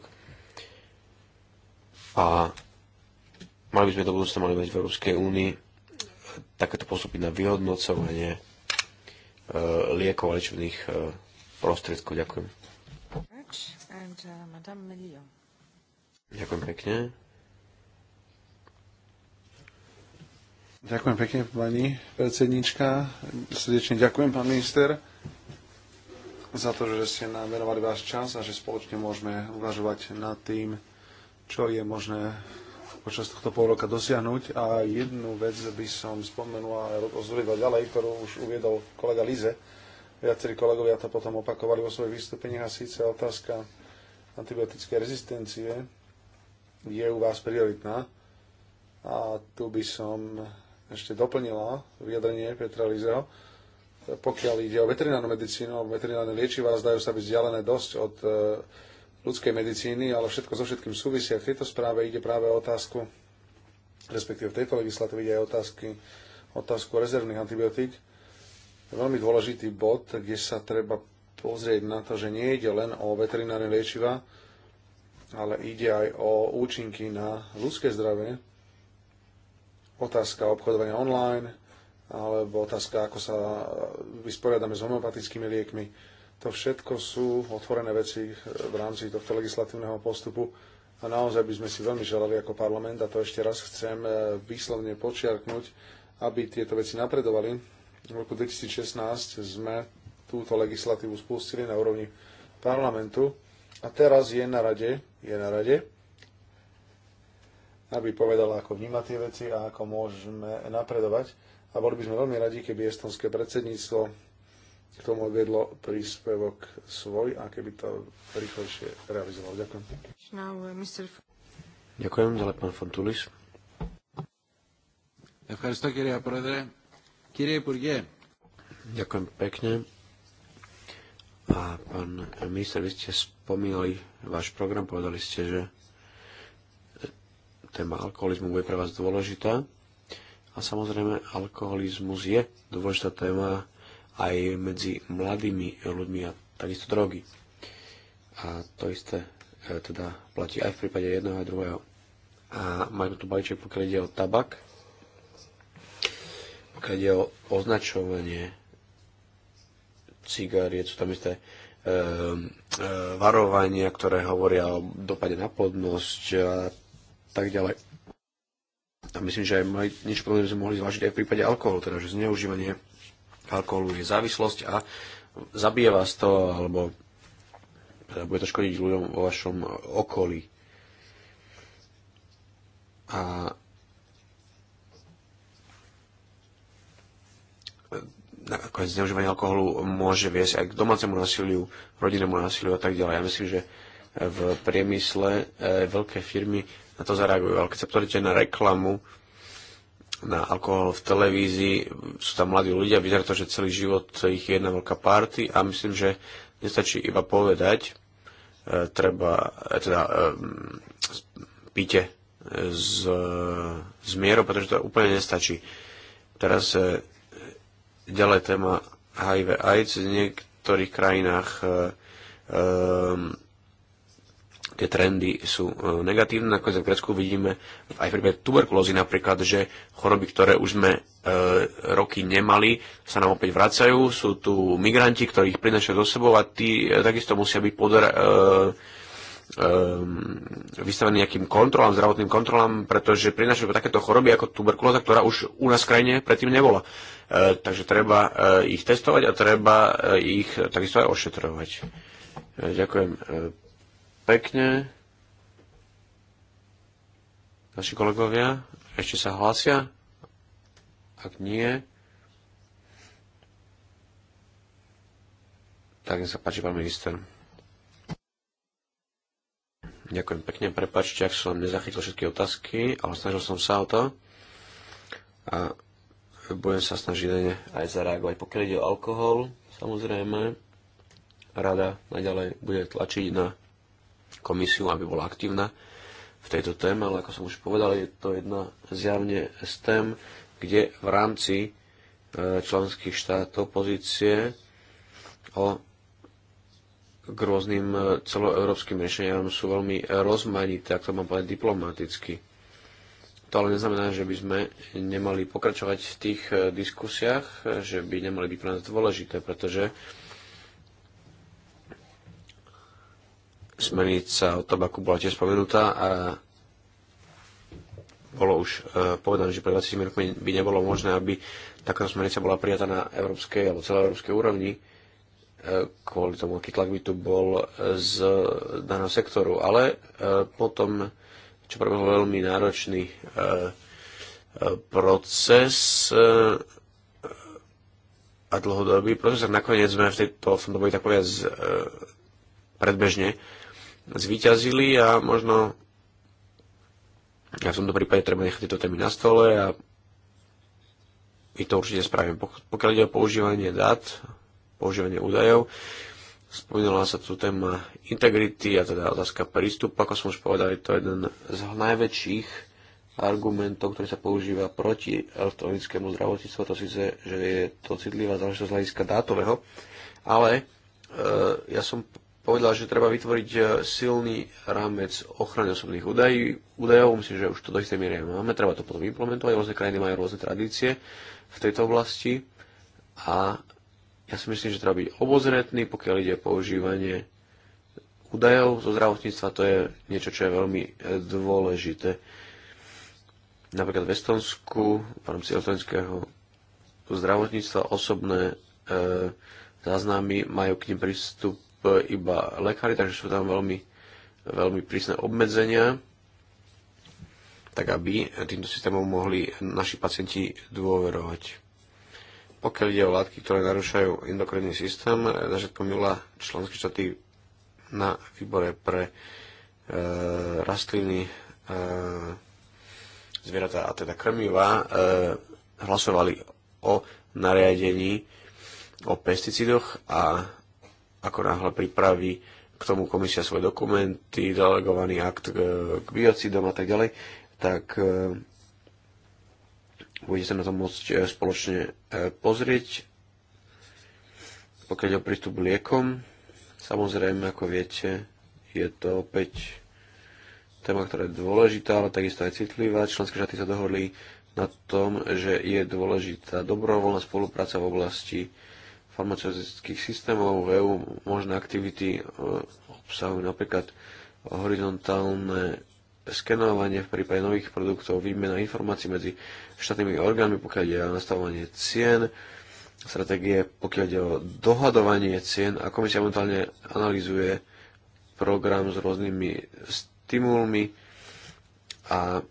Speaker 3: A mali by sme do budúcna mali mať v Európskej únii takéto postupy na vyhodnocovanie liekov a liečebných prostriedkov. Ďakujem. Uh, Ďakujem pekne. Ďakujem
Speaker 1: pekne, pani predsednička. Srdečne ďakujem, pán minister, za to, že ste nám venovali váš čas a že spoločne môžeme uvažovať nad tým, čo je možné počas tohto pol roka dosiahnuť. A jednu vec by som spomenula a rozvedla ďalej, ktorú už uviedol kolega Lize. Viacerí kolegovia to potom opakovali vo svojich vystúpeniach a síce otázka antibiotické rezistencie je u vás prioritná. A tu by som ešte doplnila vyjadrenie Petra Lizeho. Pokiaľ ide o veterinárnu medicínu alebo veterinárne liečivá, zdajú sa byť vzdialené dosť od e, ľudskej medicíny, ale všetko so všetkým súvisia. V tejto správe ide práve o otázku, respektíve v tejto legislatíve ide aj otázky, otázku rezervných antibiotík. Veľmi dôležitý bod, kde sa treba pozrieť na to, že nie ide len o veterinárne liečiva, ale ide aj o účinky na ľudské zdravie, otázka obchodovania online, alebo otázka, ako sa vysporiadame s homeopatickými liekmi. To všetko sú otvorené veci v rámci tohto legislatívneho postupu a naozaj by sme si veľmi želali ako parlament, a to ešte raz chcem e, výslovne počiarknúť, aby tieto veci napredovali. V roku 2016 sme túto legislatívu spustili na úrovni parlamentu a teraz je na rade, je na rade, aby povedala, ako vníma tie veci a ako môžeme napredovať. A boli by sme veľmi radi, keby estonské predsedníctvo k tomu odvedlo príspevok svoj a keby to rýchlejšie realizovalo. Ďakujem.
Speaker 2: Uh,
Speaker 3: Ďakujem, ďalej pán Fontulis. Ďakujem pekne. A pán minister, vy ste spomínali váš program, povedali ste, že téma alkoholizmu bude pre vás dôležitá. A samozrejme, alkoholizmus je dôležitá téma aj medzi mladými ľuďmi a takisto drogy. A to isté e, teda platí aj v prípade jedného aj druhého. A majú tu balíček, pokiaľ ide o tabak, pokiaľ ide o označovanie cigariet, sú tam isté e, e, varovania, ktoré hovoria o dopade na plodnosť a tak ďalej. A myslím, že aj mali, niečo podobné sme mohli zvážiť aj v prípade alkoholu, teda že zneužívanie alkoholu je závislosť a zabije vás to, alebo teda bude to škodiť ľuďom vo vašom okolí. A nakoniec zneužívanie alkoholu môže viesť aj k domácemu násiliu, rodinnému násiliu a tak ďalej. Ja myslím, že v priemysle eh, veľké firmy na to zareagujú. Ale keď sa pozrite na reklamu, na alkohol v televízii, sú tam mladí ľudia, vyzerá to, že celý život ich je jedna veľká party a myslím, že nestačí iba povedať, e, treba, e, teda e, píte e, z, e, z mierou, pretože to úplne nestačí. Teraz e, ďalej téma HIV AIDS. V niektorých krajinách e, e, tie trendy sú e, negatívne. Nakoniec v Grécku vidíme aj v prípade tuberkulózy napríklad, že choroby, ktoré už sme e, roky nemali, sa nám opäť vracajú. Sú tu migranti, ktorí ich prinašajú do sebou a tí e, takisto musia byť podar, e, e, vystavení nejakým kontrolám, zdravotným kontrolám, pretože prinašajú takéto choroby ako tuberkulóza, ktorá už u nás krajine predtým nebola. E, takže treba e, ich testovať a treba e, ich takisto aj ošetrovať. E, ďakujem e, pekne. Naši kolegovia ešte sa hlásia? Ak nie, tak nech sa páči, pán minister. Ďakujem pekne, prepačte, ak som nezachytil všetky otázky, ale snažil som sa o to a budem sa snažiť aj zareagovať. Pokiaľ ide o alkohol, samozrejme, rada naďalej bude tlačiť na komisiu, aby bola aktívna v tejto téme, ale ako som už povedal, je to jedna zjavne z tém, kde v rámci e, členských štátov pozície o k rôznym e, celoeurópskym riešeniam sú veľmi rozmanité, ak to mám povedať diplomaticky. To ale neznamená, že by sme nemali pokračovať v tých e, diskusiách, že by nemali byť pre nás dôležité, pretože Smernica o tabaku bola tiež spomenutá a bolo už e, povedané, že pred 20 rokmi by nebolo možné, aby takáto smernica bola prijatá na európskej alebo celoeurópskej úrovni e, kvôli tomu, aký tlak by tu bol z daného sektoru. Ale e, potom, čo prebehol veľmi náročný e, e proces e, a dlhodobý proces, nakoniec sme v, tejto, v tomto boli tak povedať e, predbežne zvíťazili a možno ja v tomto prípade treba nechať tieto témy na stole a my to určite spravím, Pokiaľ ide o používanie dát, používanie údajov, spomínala sa tu téma integrity a teda otázka prístupu. Ako som už povedal, je to jeden z najväčších argumentov, ktorý sa používa proti elektronickému zdravotníctvu, to síce, že je to citlivá záležitosť z hľadiska dátového, ale e, ja som povedala, že treba vytvoriť e, silný rámec ochrany osobných údaj, údajov. Myslím, že už to do istej miery máme. Treba to potom implementovať. Rôzne krajiny majú rôzne tradície v tejto oblasti. A ja si myslím, že treba byť obozretný, pokiaľ ide o používanie údajov zo zdravotníctva. To je niečo, čo je veľmi e, dôležité. Napríklad v Estonsku, v rámci estonského zdravotníctva, osobné e, záznamy majú k nim prístup iba lekári, takže sú tam veľmi, veľmi prísne obmedzenia, tak aby týmto systémom mohli naši pacienti dôverovať. Pokiaľ ide o látky, ktoré narušajú endokrinný systém, júla členské štáty na výbore pre e, rastliny, e, zvieratá a teda krmiva e, hlasovali o nariadení o pesticidoch a ako náhle pripraví k tomu komisia svoje dokumenty, delegovaný akt e, k biocidom a tak ďalej, tak e, budete sa na to môcť e, spoločne pozrieť. Pokiaľ je o prístup liekom, samozrejme, ako viete, je to opäť téma, ktorá je dôležitá, ale takisto aj citlivá. Členské štáty sa dohodli na tom, že je dôležitá dobrovoľná spolupráca v oblasti farmaceutických systémov v EU možné aktivity e, obsahujú napríklad horizontálne skenovanie v prípade nových produktov, výmena informácií medzi štátnymi orgánmi, pokiaľ ide o nastavovanie cien, stratégie, pokiaľ ide o dohadovanie cien a komisia momentálne analýzuje program s rôznymi stimulmi a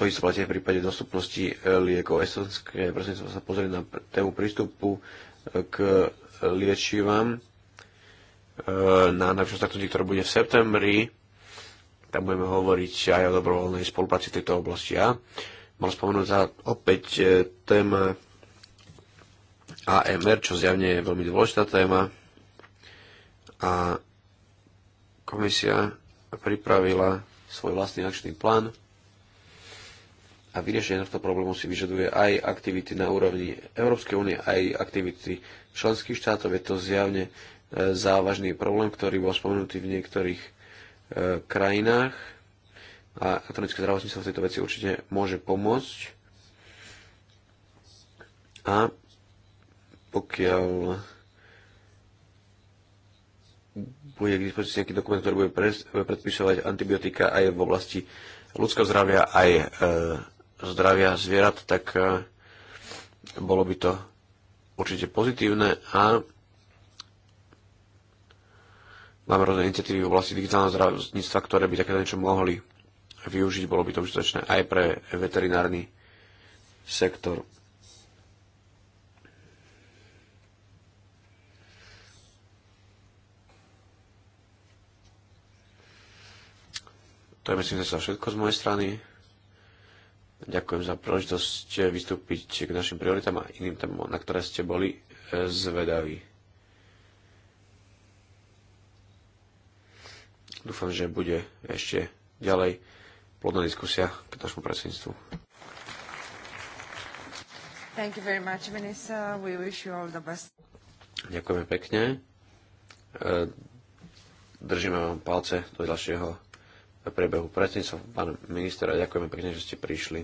Speaker 3: To isté platí v prípade dostupnosti e, liekov. Estonské predsedníctvo sa pozrie na tému prístupu e, k liečivám e, na najvyššom stretnutí, ktoré bude v septembri. Tam budeme hovoriť aj o dobrovoľnej spolupráci v tejto oblasti. Ja mal spomenúť za opäť téma AMR, čo zjavne je veľmi dôležitá téma. A komisia pripravila svoj vlastný akčný plán a vyriešenie tohto problému si vyžaduje aj aktivity na úrovni Európskej únie, aj aktivity členských štátov. Je to zjavne e, závažný problém, ktorý bol spomenutý v niektorých e, krajinách a elektronické zdravotníctvo v tejto veci určite môže pomôcť. A pokiaľ bude k dispozícii nejaký dokument, ktorý bude predpisovať antibiotika aj v oblasti ľudského zdravia, aj e, zdravia zvierat, tak e, bolo by to určite pozitívne a máme rôzne iniciatívy v oblasti digitálneho zdravotníctva, ktoré by takéto niečo mohli využiť. Bolo by to užitočné aj pre veterinárny sektor. To je myslím sa všetko z mojej strany. Ďakujem za príležitosť eh, vystúpiť k našim prioritám a iným témom, na ktoré ste boli eh, zvedaví. Dúfam, že bude ešte ďalej plodná diskusia k našmu predsedníctvu. Ďakujeme pekne. Eh, držíme vám palce do ďalšieho priebehu predsedníctva. Pán minister, ďakujeme pekne, že ste prišli.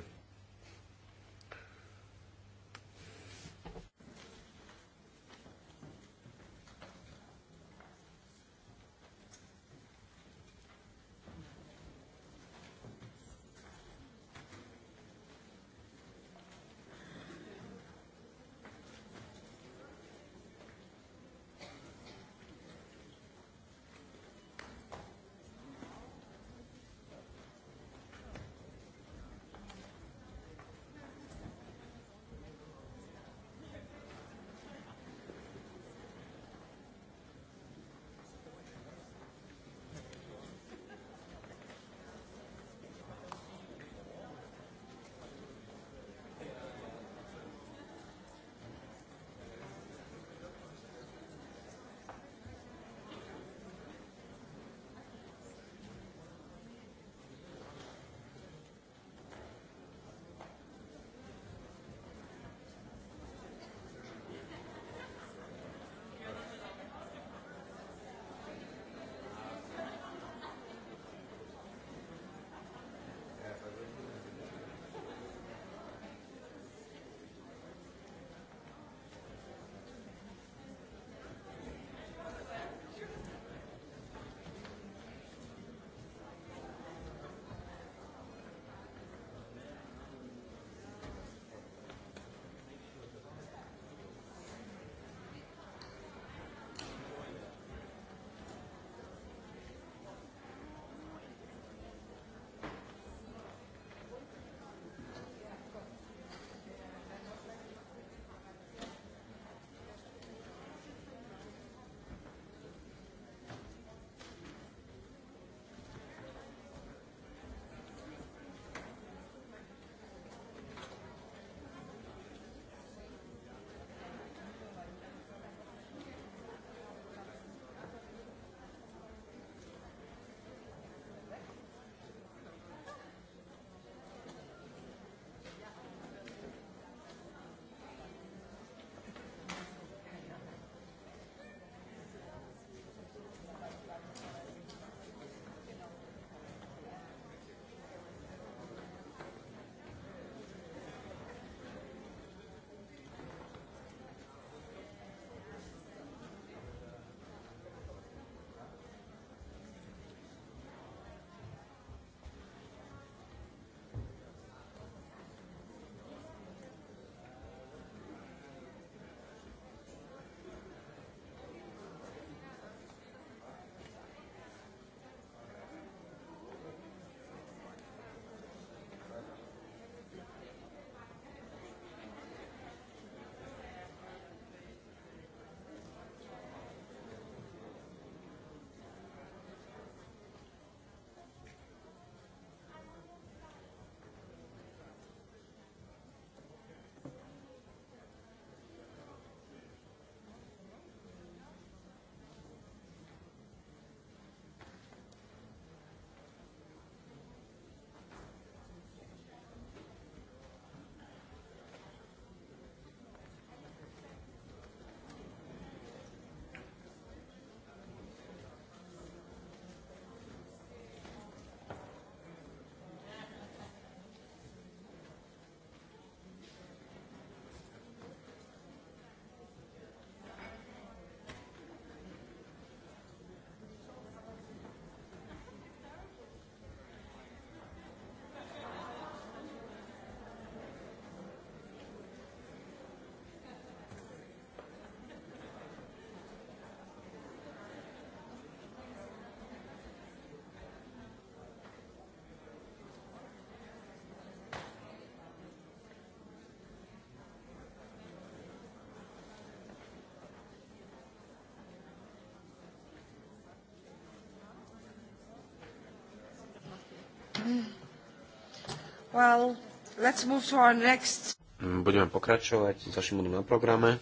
Speaker 3: Well, let's move to our next... Budeme pokračovať s ďalším na programe.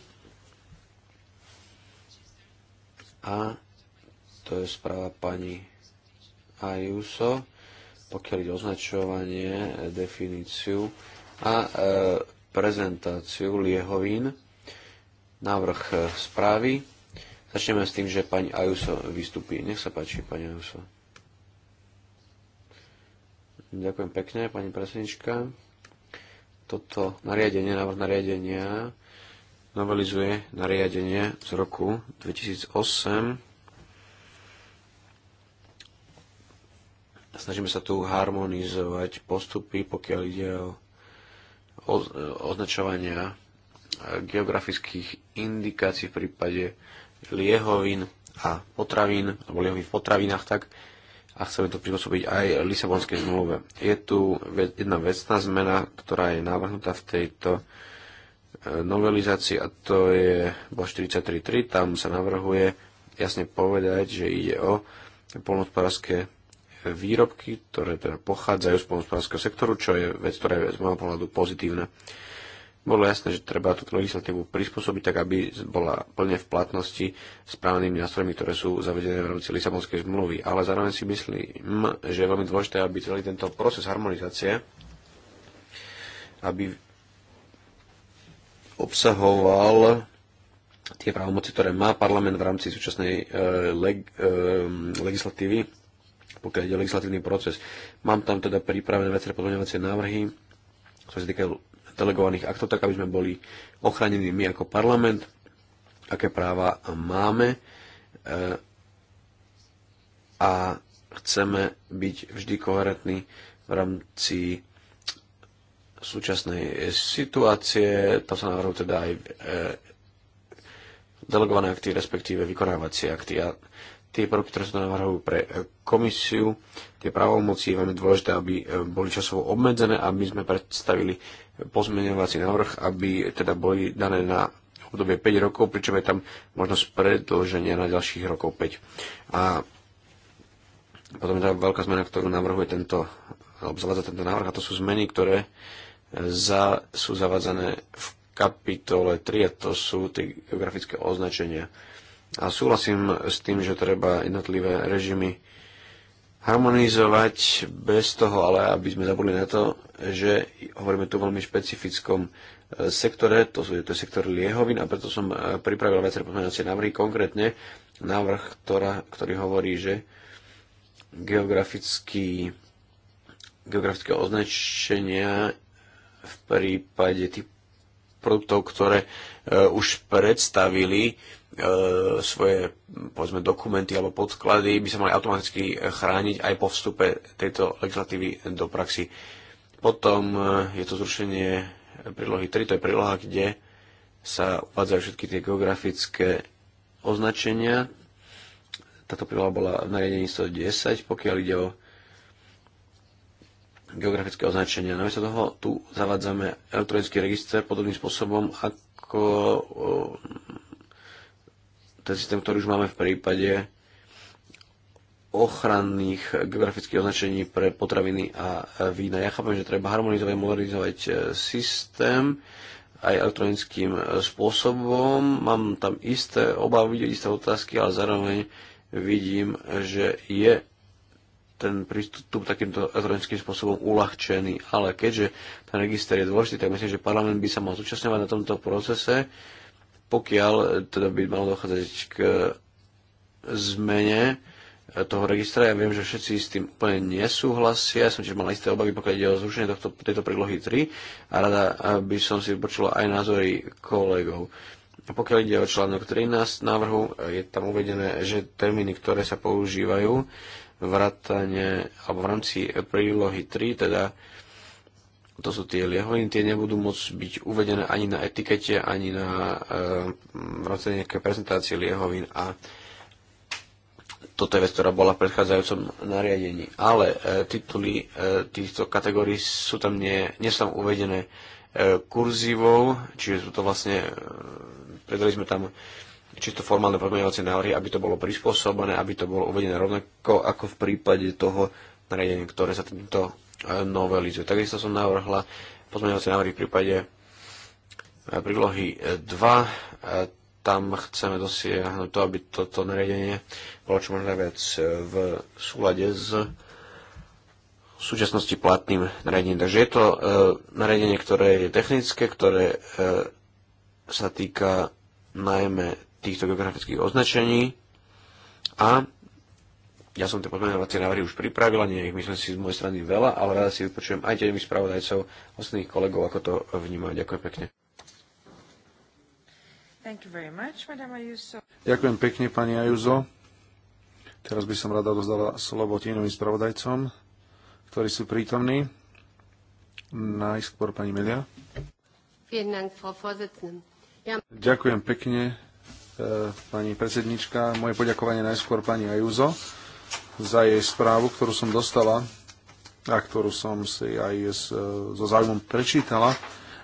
Speaker 3: A to je správa pani Ajuso, pokiaľ ide označovanie, eh, definíciu a e, prezentáciu liehovín. Návrh eh, správy. Začneme s tým, že pani Ajuso vystupí. Nech sa páči, pani Ajuso. Ďakujem pekne, pani predsednička. Toto nariadenie, návrh nariadenia novelizuje nariadenie z roku 2008. Snažíme sa tu harmonizovať postupy, pokiaľ ide o označovania geografických indikácií v prípade liehovín a potravín, alebo liehovín v potravinách, tak a chceme to prispôsobiť aj Lisabonskej zmluve. Je tu jedna vecná zmena, ktorá je navrhnutá v tejto e, novelizácii a to je bod 43.3. Tam sa navrhuje jasne povedať, že ide o polnospodárske výrobky, ktoré teda pochádzajú z polnospodárskeho sektoru, čo je vec, ktorá je z môjho pohľadu pozitívna bolo jasné, že treba túto legislatívu prispôsobiť tak, aby bola plne v platnosti správnymi nástrojmi, ktoré sú zavedené v rámci Lisabonskej zmluvy. Ale zároveň si myslím, že je veľmi dôležité, aby celý tento proces harmonizácie aby obsahoval tie právomoci, ktoré má parlament v rámci súčasnej e, leg, e, legislatívy, pokiaľ ide o legislatívny proces. Mám tam teda pripravené veci pozmeňovacie návrhy, ktoré sa týkajú delegovaných aktov, tak aby sme boli ochránení my ako parlament, aké práva máme e, a chceme byť vždy koherentní v rámci súčasnej situácie. Tam sa navrhujú teda aj e, delegované akty, respektíve vykonávacie akty. A tie prvky, ktoré sa navrhujú pre e, komisiu, tie právomoci je veľmi dôležité, aby e, boli časovo obmedzené, aby sme predstavili pozmeňovací návrh, aby teda boli dané na obdobie 5 rokov, pričom je tam možnosť predĺženia na ďalších rokov 5. A potom je tá veľká zmena, ktorú navrhuje tento, alebo zavádza tento návrh, a to sú zmeny, ktoré e, za, sú zavádzané v kapitole 3, a to sú tie geografické označenia. A súhlasím s tým, že treba jednotlivé režimy harmonizovať bez toho, ale aby sme zabudli na to, že hovoríme tu o veľmi špecifickom e, sektore, to, sú, to je sektor liehovin a preto som e, pripravil viaceré pozmeňovacie návrhy, konkrétne návrh, ktorá, ktorý hovorí, že geografický, geografické označenia v prípade tých produktov, ktoré uh, už predstavili E, svoje povedzme, dokumenty alebo podklady by sa mali automaticky chrániť aj po vstupe tejto legislatívy do praxi. Potom e, je to zrušenie prílohy 3, to je príloha, kde sa uvádzajú všetky tie geografické označenia. Táto príloha bola v nariadení 110, pokiaľ ide o geografické označenia. Namiesto toho tu zavádzame elektronický register podobným spôsobom, ako ten systém, ktorý už máme v prípade ochranných geografických označení pre potraviny a vína. Ja chápem, že treba harmonizovať, modernizovať e, systém aj elektronickým e, spôsobom. Mám tam isté obavy, isté otázky, ale zároveň vidím, že je ten prístup takýmto elektronickým spôsobom uľahčený. Ale keďže ten register je dôležitý, tak myslím, že parlament by sa mal zúčastňovať na tomto procese pokiaľ teda by malo dochádzať k zmene toho registra, ja viem, že všetci s tým úplne nesúhlasia, ja som tiež mal isté obavy, pokiaľ ide o zrušenie tohto, tejto prílohy 3 a rada by som si počula aj názory kolegov. A pokiaľ ide o článok 13 návrhu, je tam uvedené, že termíny, ktoré sa používajú vrátane alebo v rámci prílohy 3, teda to sú tie liehoviny, tie nebudú môcť byť uvedené ani na etikete, ani na e, rámci nejaké prezentácie liehovín a toto je vec, ktorá bola v predchádzajúcom nariadení. Ale uh, tituly uh, týchto kategórií sú tam nie, nie sú tam uvedené uh, kurzívou, čiže sú to vlastne, uh, predali sme tam čisto formálne pozmeňovacie návrhy, aby to bolo prispôsobené, aby to bolo uvedené rovnako ako v prípade toho nariadení, ktoré sa týmto e, novelizujú. Takisto som navrhla pozmeňovacie návrhy v prípade e, prílohy 2. E, tam chceme dosiahnuť to, aby toto nariadenie bolo čo možno viac v súlade s v súčasnosti platným nariadením. Takže je to e, nariadenie, ktoré je technické, ktoré e, sa týka najmä týchto geografických označení a ja som tie pozmeňovacie návrhy už pripravila, nie ich myslím si z mojej strany veľa, ale rada si vypočujem aj tiež spravodajcov, ostatných kolegov, ako to vnímajú. Ďakujem pekne. Much, Ďakujem pekne, pani Ajuzo. Teraz by som
Speaker 1: rada rozdala slovo tieňovým spravodajcom, ktorí sú prítomní. Najskôr pani Melia. Ďakujem pekne, eh, pani predsednička. Moje poďakovanie najskôr pani Ajuzo za jej správu, ktorú som dostala a ktorú som si aj e, so záujmom prečítala.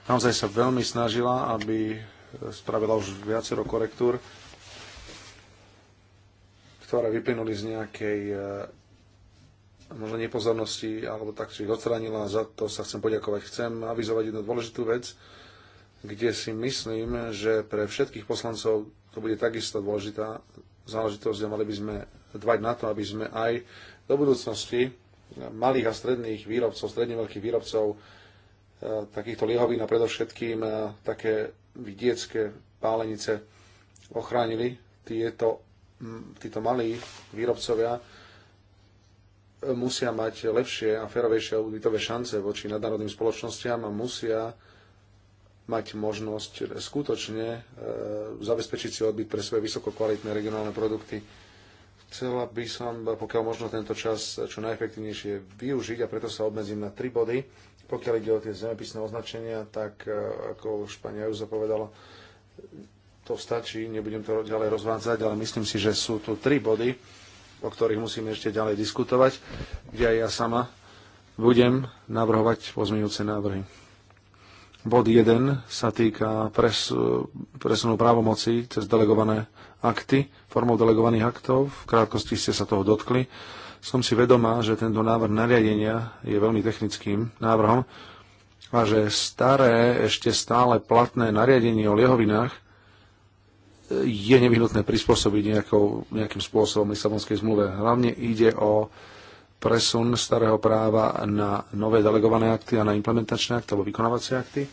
Speaker 1: Naozaj sa veľmi snažila, aby spravila už viacero korektúr, ktoré vyplynuli z nejakej e, možno nepozornosti, alebo tak, či ich odstránila. Za to sa chcem poďakovať. Chcem avizovať jednu dôležitú vec, kde si myslím, že pre všetkých poslancov to bude takisto dôležitá záležitosť a mali by sme dvať na to, aby sme aj do budúcnosti malých a stredných výrobcov, stredne veľkých výrobcov e, takýchto liehovín a predovšetkým e, také vidiecké pálenice ochránili tieto, títo malí výrobcovia musia mať lepšie a ferovejšie auditové šance voči nadnárodným spoločnostiam a musia mať možnosť skutočne e, zabezpečiť si odbyt pre svoje vysokokvalitné regionálne produkty. Chcela by som, pokiaľ možno tento čas čo najefektívnejšie využiť a preto sa obmedzím na tri body. Pokiaľ ide o tie zemepisné označenia, tak e, ako už pani Ajuza povedala, to stačí, nebudem to ďalej rozvádzať, ale myslím si, že sú tu tri body, o ktorých musíme ešte ďalej diskutovať, kde aj ja sama budem navrhovať pozmeňujúce návrhy. Bod 1 sa týka pres, presunú právomoci cez delegované akty, formou delegovaných aktov. V krátkosti ste sa toho dotkli. Som si vedomá, že tento návrh nariadenia je veľmi technickým návrhom a že staré, ešte stále platné nariadenie o liehovinách e, je nevyhnutné prispôsobiť nejakou, nejakým spôsobom Lisabonskej zmluve. Hlavne ide o presun starého práva na nové delegované akty a na implementačné akty alebo vykonávacie akty.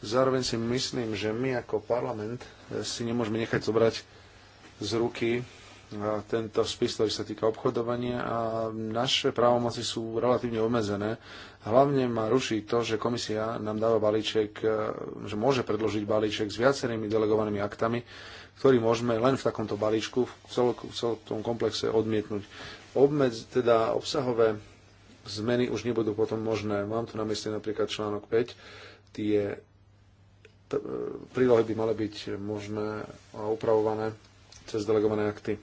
Speaker 1: Zároveň si myslím, že my ako parlament eh, si nemôžeme nechať zobrať z ruky eh, tento spis, ktorý sa týka obchodovania a naše právomoci sú relatívne obmedzené. Hlavne ma ruší to, že komisia nám dáva balíček, eh, že môže predložiť balíček s viacerými delegovanými aktami, ktorý môžeme len v takomto balíčku v, celom komplexe odmietnúť obmedz, teda obsahové zmeny už nebudú potom možné. Mám tu na mysli napríklad článok 5, tie e, prílohy by mali byť možné a upravované cez delegované akty.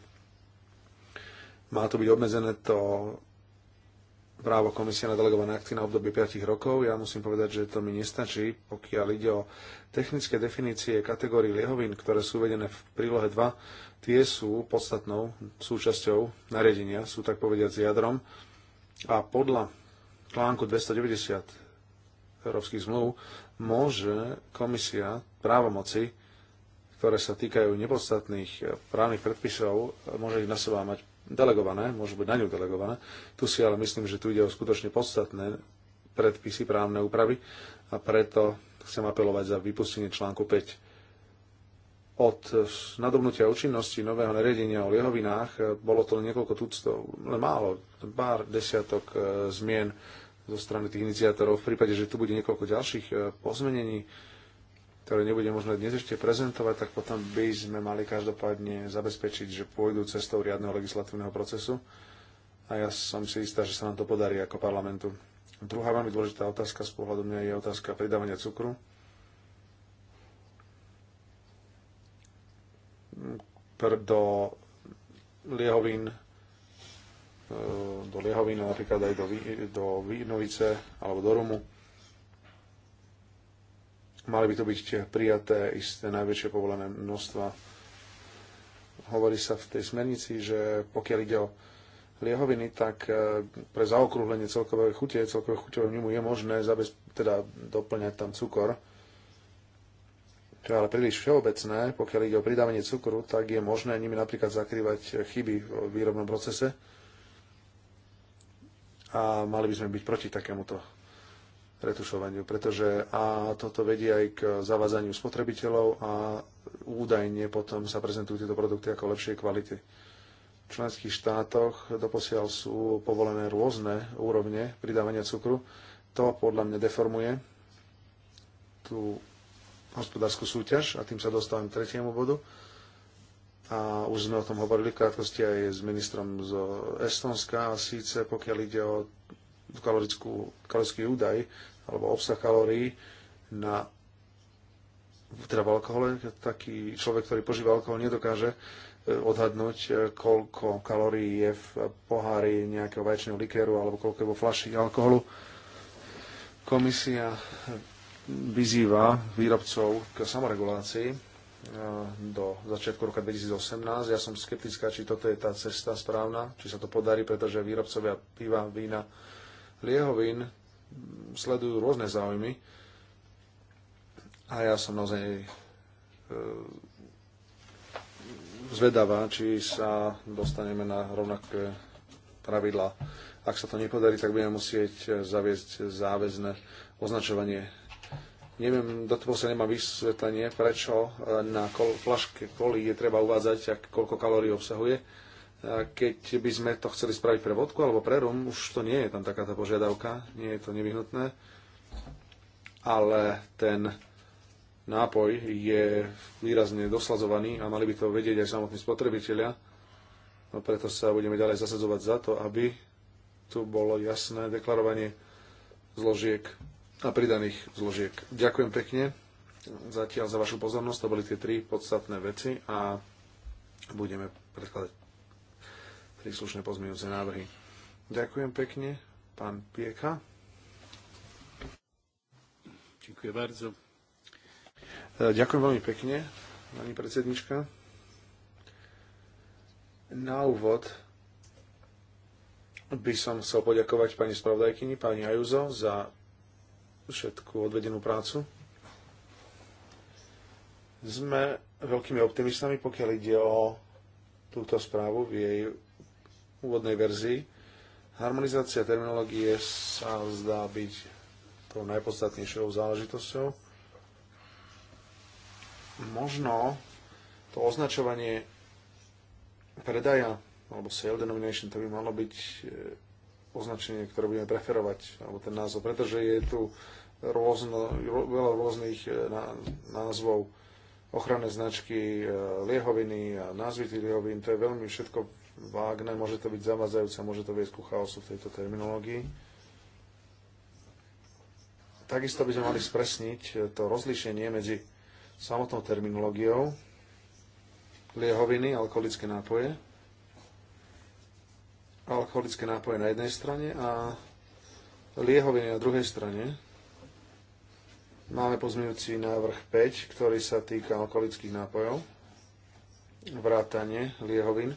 Speaker 1: Má to byť obmedzené to právo komisie na delegované akty na obdobie 5 rokov. Ja musím povedať, že to mi nestačí, pokiaľ ide o technické definície kategórií liehovín, ktoré sú uvedené v prílohe 2. Tie sú podstatnou súčasťou nariadenia, sú tak povediať s jadrom. A podľa článku 290 európskych zmluv môže komisia právomoci, ktoré sa týkajú nepodstatných právnych predpisov, môže ich na seba mať delegované, môžu byť na ňu delegované. Tu si ale myslím, že tu ide o skutočne podstatné predpisy, právne úpravy a preto chcem apelovať za vypustenie článku 5. Od nadobnutia účinnosti nového nariadenia o liehovinách e, bolo to niekoľko tuctov, len málo, pár desiatok e, zmien zo strany tých iniciátorov. V prípade, že tu bude niekoľko ďalších e, pozmenení, ktoré nebude možné dnes ešte prezentovať, tak potom by sme mali každopádne zabezpečiť, že pôjdu cestou riadneho legislatívneho procesu. A ja som si istá, že sa nám to podarí ako parlamentu. Druhá veľmi dôležitá otázka z pohľadu mňa je otázka pridávania cukru. Do liehovín e, do liehovín, napríklad aj do, do vínovice alebo do rumu Mali by to byť prijaté isté najväčšie povolené množstva. Hovorí sa v tej smernici, že pokiaľ ide o liehoviny, tak e, pre zaokrúhlenie celkovej chute, celkového chuťovej mimo je možné zabez, teda doplňať tam cukor. Čo je ale príliš všeobecné, pokiaľ ide o pridávanie cukru, tak je možné nimi napríklad zakrývať chyby v výrobnom procese a mali by sme byť proti takémuto retušovaniu, pretože a toto vedie aj k zavázaniu spotrebiteľov a údajne potom sa prezentujú tieto produkty ako lepšie kvality. V členských štátoch doposiaľ sú povolené rôzne úrovne pridávania cukru. To podľa mňa deformuje tú hospodárskú súťaž a tým sa dostávam k tretiemu bodu. A už sme o tom hovorili v krátkosti aj s ministrom z Estonska, a síce pokiaľ ide o kalorickú, kalorický údaj alebo obsah kalórií na teda v alkohole, taký človek, ktorý požíva alkohol, nedokáže e, odhadnúť, e, koľko kalórií je v pohári nejakého vaječného likéru alebo koľko je vo flaši alkoholu. Komisia vyzýva výrobcov k samoregulácii e, do začiatku roka 2018. Ja som skeptická, či toto je tá cesta správna, či sa to podarí, pretože výrobcovia piva, vína, liehovín sledujú rôzne záujmy a ja som naozaj e, zvedavá, či sa dostaneme na rovnaké pravidlá. Ak sa to nepodarí, tak budeme musieť zaviesť záväzne označovanie Neviem, do toho sa nemá vysvetlenie, prečo na kol, flaške koli je treba uvádzať, ak, koľko kalórií obsahuje keď by sme to chceli spraviť pre vodku alebo pre rum, už to nie je tam takáto požiadavka, nie je to nevyhnutné, ale ten nápoj je výrazne doslazovaný a mali by to vedieť aj samotní spotrebitelia, no preto sa budeme ďalej zasadzovať za to, aby tu bolo jasné deklarovanie zložiek a pridaných zložiek. Ďakujem pekne zatiaľ za vašu pozornosť, to boli tie tri podstatné veci a budeme predkladať príslušné pozmeňujúce návrhy. Ďakujem pekne. Pán Pieka. Ďakujem bardzo. E, ďakujem veľmi pekne, pani predsednička. Na úvod by som chcel poďakovať pani spravodajkyni, pani Ajuzo, za všetku odvedenú prácu. Sme veľkými optimistami, pokiaľ ide o túto správu v jej úvodnej verzii. Harmonizácia terminológie sa zdá byť tou najpodstatnejšou záležitosťou. Možno to označovanie predaja alebo sale denomination, to by malo byť e, označenie, ktoré budeme preferovať, alebo ten názov, pretože je tu rôzno, veľa rôznych e, názvov ochranné značky, e, liehoviny a názvy tých liehovín, to je veľmi všetko vágne, môže to byť zamazajúce, môže to viesť ku chaosu v tejto terminológii. Takisto by sme mali spresniť to rozlíšenie medzi samotnou terminológiou liehoviny, alkoholické nápoje, alkoholické nápoje na jednej strane a liehoviny na druhej strane. Máme pozmeňujúci návrh 5, ktorý sa týka alkoholických nápojov, vrátanie liehovín.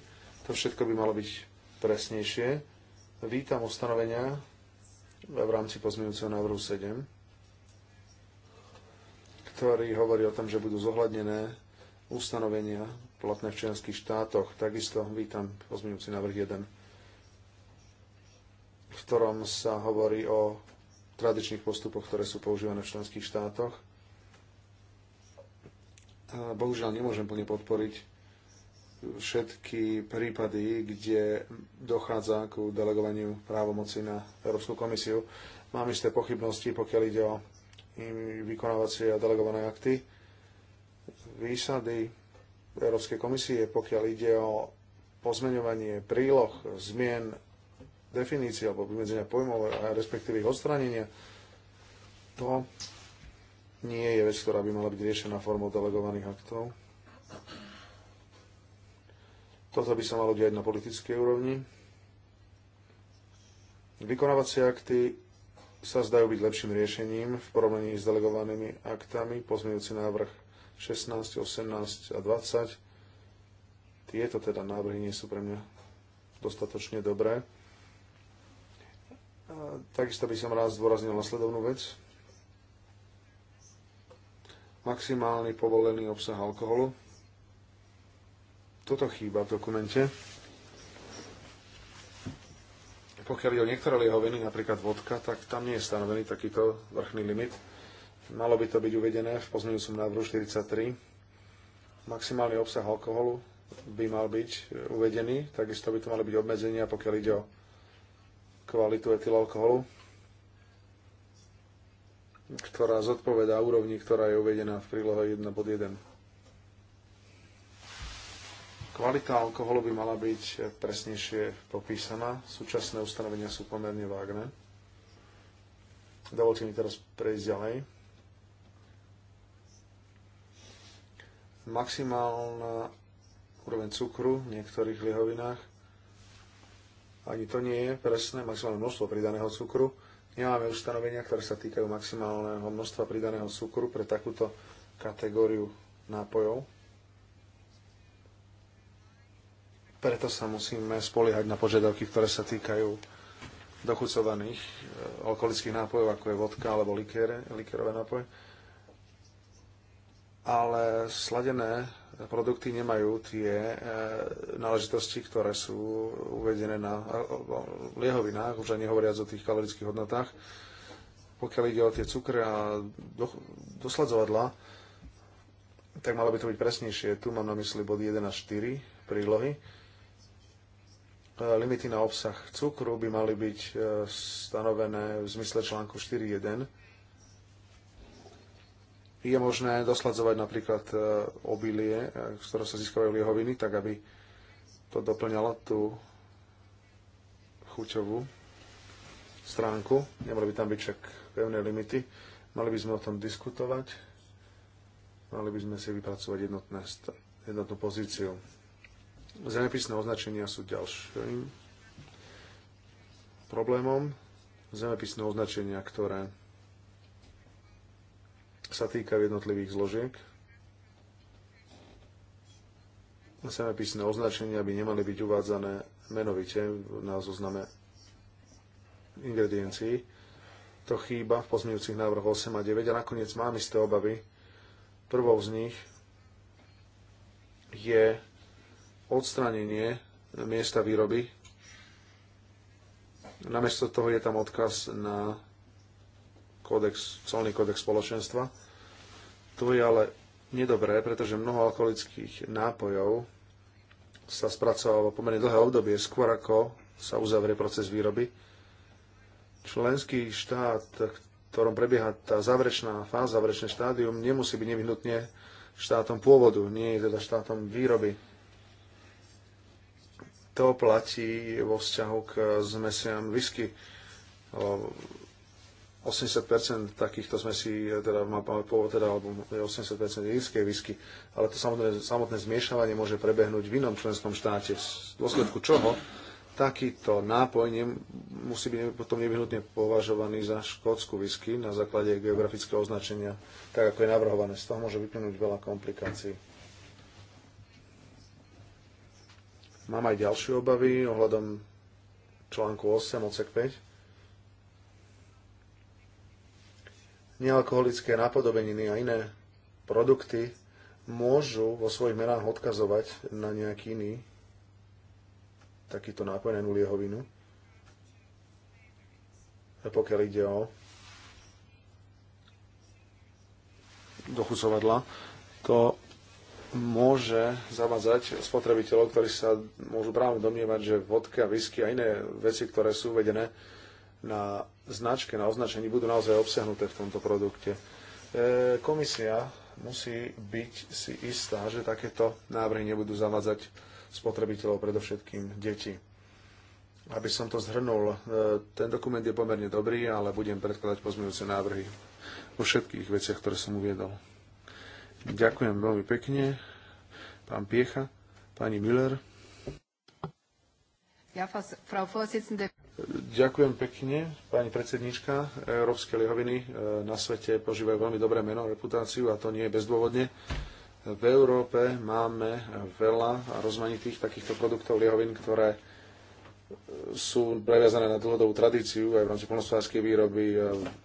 Speaker 1: To všetko by malo byť presnejšie. Vítam ustanovenia v rámci pozmeňujúceho návrhu 7, ktorý hovorí o tom, že budú zohľadnené ustanovenia platné v členských štátoch. Takisto vítam pozmeňujúci návrh 1, v ktorom sa hovorí o tradičných postupoch, ktoré sú používané v členských štátoch. Bohužiaľ nemôžem plne podporiť všetky prípady, kde dochádza k delegovaniu právomoci na Európsku komisiu. Mám isté pochybnosti, pokiaľ ide o vykonávacie a delegované akty. Výsady Európskej komisie, pokiaľ ide o pozmeňovanie príloh, zmien definície alebo vymedzenia pojmov a respektíve ich odstránenia, to nie je vec, ktorá by mala byť riešená formou delegovaných aktov. Toto by sa malo diať na politickej úrovni. Vykonávacie akty sa zdajú byť lepším riešením v porovnaní s delegovanými aktami, pozmeňujúci návrh 16, 18 a 20. Tieto teda návrhy nie sú pre mňa dostatočne dobré. Takisto by som rád zdôraznil nasledovnú vec. Maximálny povolený obsah alkoholu toto chýba v dokumente. Pokiaľ je o niektoré liehoviny, napríklad vodka, tak tam nie je stanovený takýto vrchný limit. Malo by to byť uvedené v pozmeňujúcom návrhu 43. Maximálny obsah alkoholu by mal byť e, uvedený, takisto by to mali byť obmedzenia, pokiaľ ide o kvalitu etylalkoholu, ktorá zodpovedá úrovni, ktorá je uvedená v prílohe 1 pod 1. Kvalita alkoholu by mala byť presnejšie popísaná. Súčasné ustanovenia sú pomerne vágne. Dovolte mi teraz prejsť ďalej. Maximálna úroveň cukru v niektorých liehovinách. Ani to nie je presné, maximálne množstvo pridaného cukru. Nemáme ustanovenia, ktoré sa týkajú maximálneho množstva pridaného cukru pre takúto kategóriu nápojov Preto sa musíme spoliehať na požiadavky, ktoré sa týkajú dochucovaných e, alkoholických nápojov, ako je vodka alebo likére, likérové nápoje. Ale sladené produkty nemajú tie e, náležitosti, ktoré sú uvedené na e, liehovinách, už aj nehovoriac o tých kalorických hodnotách. Pokiaľ ide o tie cukre a dosladzovadla, tak malo by to byť presnejšie. Tu mám na mysli body 1 a 4 prílohy E, limity na obsah cukru by mali byť e, stanovené v zmysle článku 4.1. Je možné dosladzovať napríklad e, obilie, z ktorého sa získajú liehoviny, tak aby to doplňalo tú chuťovú stránku. Nemali by tam byť však pevné limity. Mali by sme o tom diskutovať. Mali by sme si vypracovať jednotné, jednotnú pozíciu. Zemepisné označenia sú ďalším problémom. Zemepisné označenia, ktoré sa týkajú jednotlivých zložiek. Zemepisné označenia by nemali byť uvádzané menovite na zozname ingrediencií. To chýba v pozmeňujúcich návrhoch 8 a 9 a nakoniec mám isté obavy. Prvou z nich je odstranenie miesta výroby. Namiesto toho je tam odkaz na kódex, colný kódex spoločenstva. To je ale nedobré, pretože mnoho alkoholických nápojov sa spracováva pomerne dlhé obdobie, skôr ako sa uzavrie proces výroby. Členský štát, v ktorom prebieha tá záverečná fáza, záverečné štádium, nemusí byť nevyhnutne štátom pôvodu, nie je teda štátom výroby. To platí vo vzťahu k zmesiam whisky. 80% takýchto zmesí e, teda má pôvod, teda, alebo 80% írskej whisky, ale to samotné, samotné zmiešavanie môže prebehnúť v inom členskom štáte, v dôsledku čoho takýto nápoj ne, musí byť potom nevyhnutne považovaný za škótsku whisky na základe geografického označenia, tak ako je navrhované. Z toho môže vyplynúť veľa komplikácií. Mám aj ďalšie obavy ohľadom článku 8 odsek 5. Nealkoholické napodobeniny a iné produkty môžu vo svojich menách odkazovať na nejaký iný takýto nápoj, na liehovinu. A pokiaľ ide o dochucovadla, to môže zavádzať spotrebiteľov, ktorí sa môžu práve domnievať, že vodka, whisky a iné veci, ktoré sú uvedené na značke, na označení, budú naozaj obsahnuté v tomto produkte. E, komisia musí byť si istá, že takéto návrhy nebudú zavádzať spotrebiteľov, predovšetkým deti. Aby som to zhrnul, e, ten dokument je pomerne dobrý, ale budem predkladať pozmeňujúce návrhy vo všetkých veciach, ktoré som uviedol. Ďakujem veľmi pekne. Pán Piecha, pani Miller.
Speaker 3: Ja, frau Vorsitzende.
Speaker 1: Ďakujem pekne, pani predsednička. Európske lihoviny e, na svete požívajú veľmi dobré meno, reputáciu a to nie je bezdôvodne. V Európe máme veľa rozmanitých takýchto produktov lihovín, ktoré e, sú previazané na dlhodobú tradíciu aj v rámci polnospodárskej výroby. E,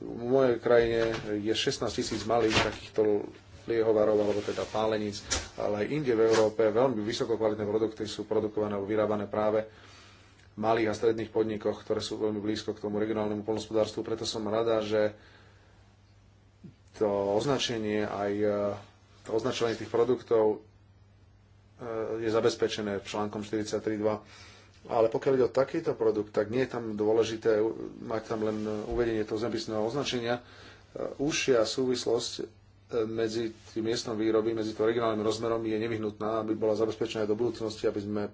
Speaker 1: v mojej krajine je 16 tisíc malých takýchto liehovarov alebo teda páleníc, ale aj inde v Európe veľmi vysokokvalitné produkty sú produkované alebo vyrábané práve v malých a stredných podnikoch, ktoré sú veľmi blízko k tomu regionálnemu polnospodárstvu. Preto som rada, že to označenie aj e, to označovanie tých produktov e, je zabezpečené článkom 43.2 ale pokiaľ ide o takýto produkt, tak nie je tam dôležité mať tam len uvedenie toho zemepisného označenia. E, užšia súvislosť medzi tým miestnom výroby, medzi tým regionálnym rozmerom je nevyhnutná, aby bola zabezpečená aj do budúcnosti, aby sme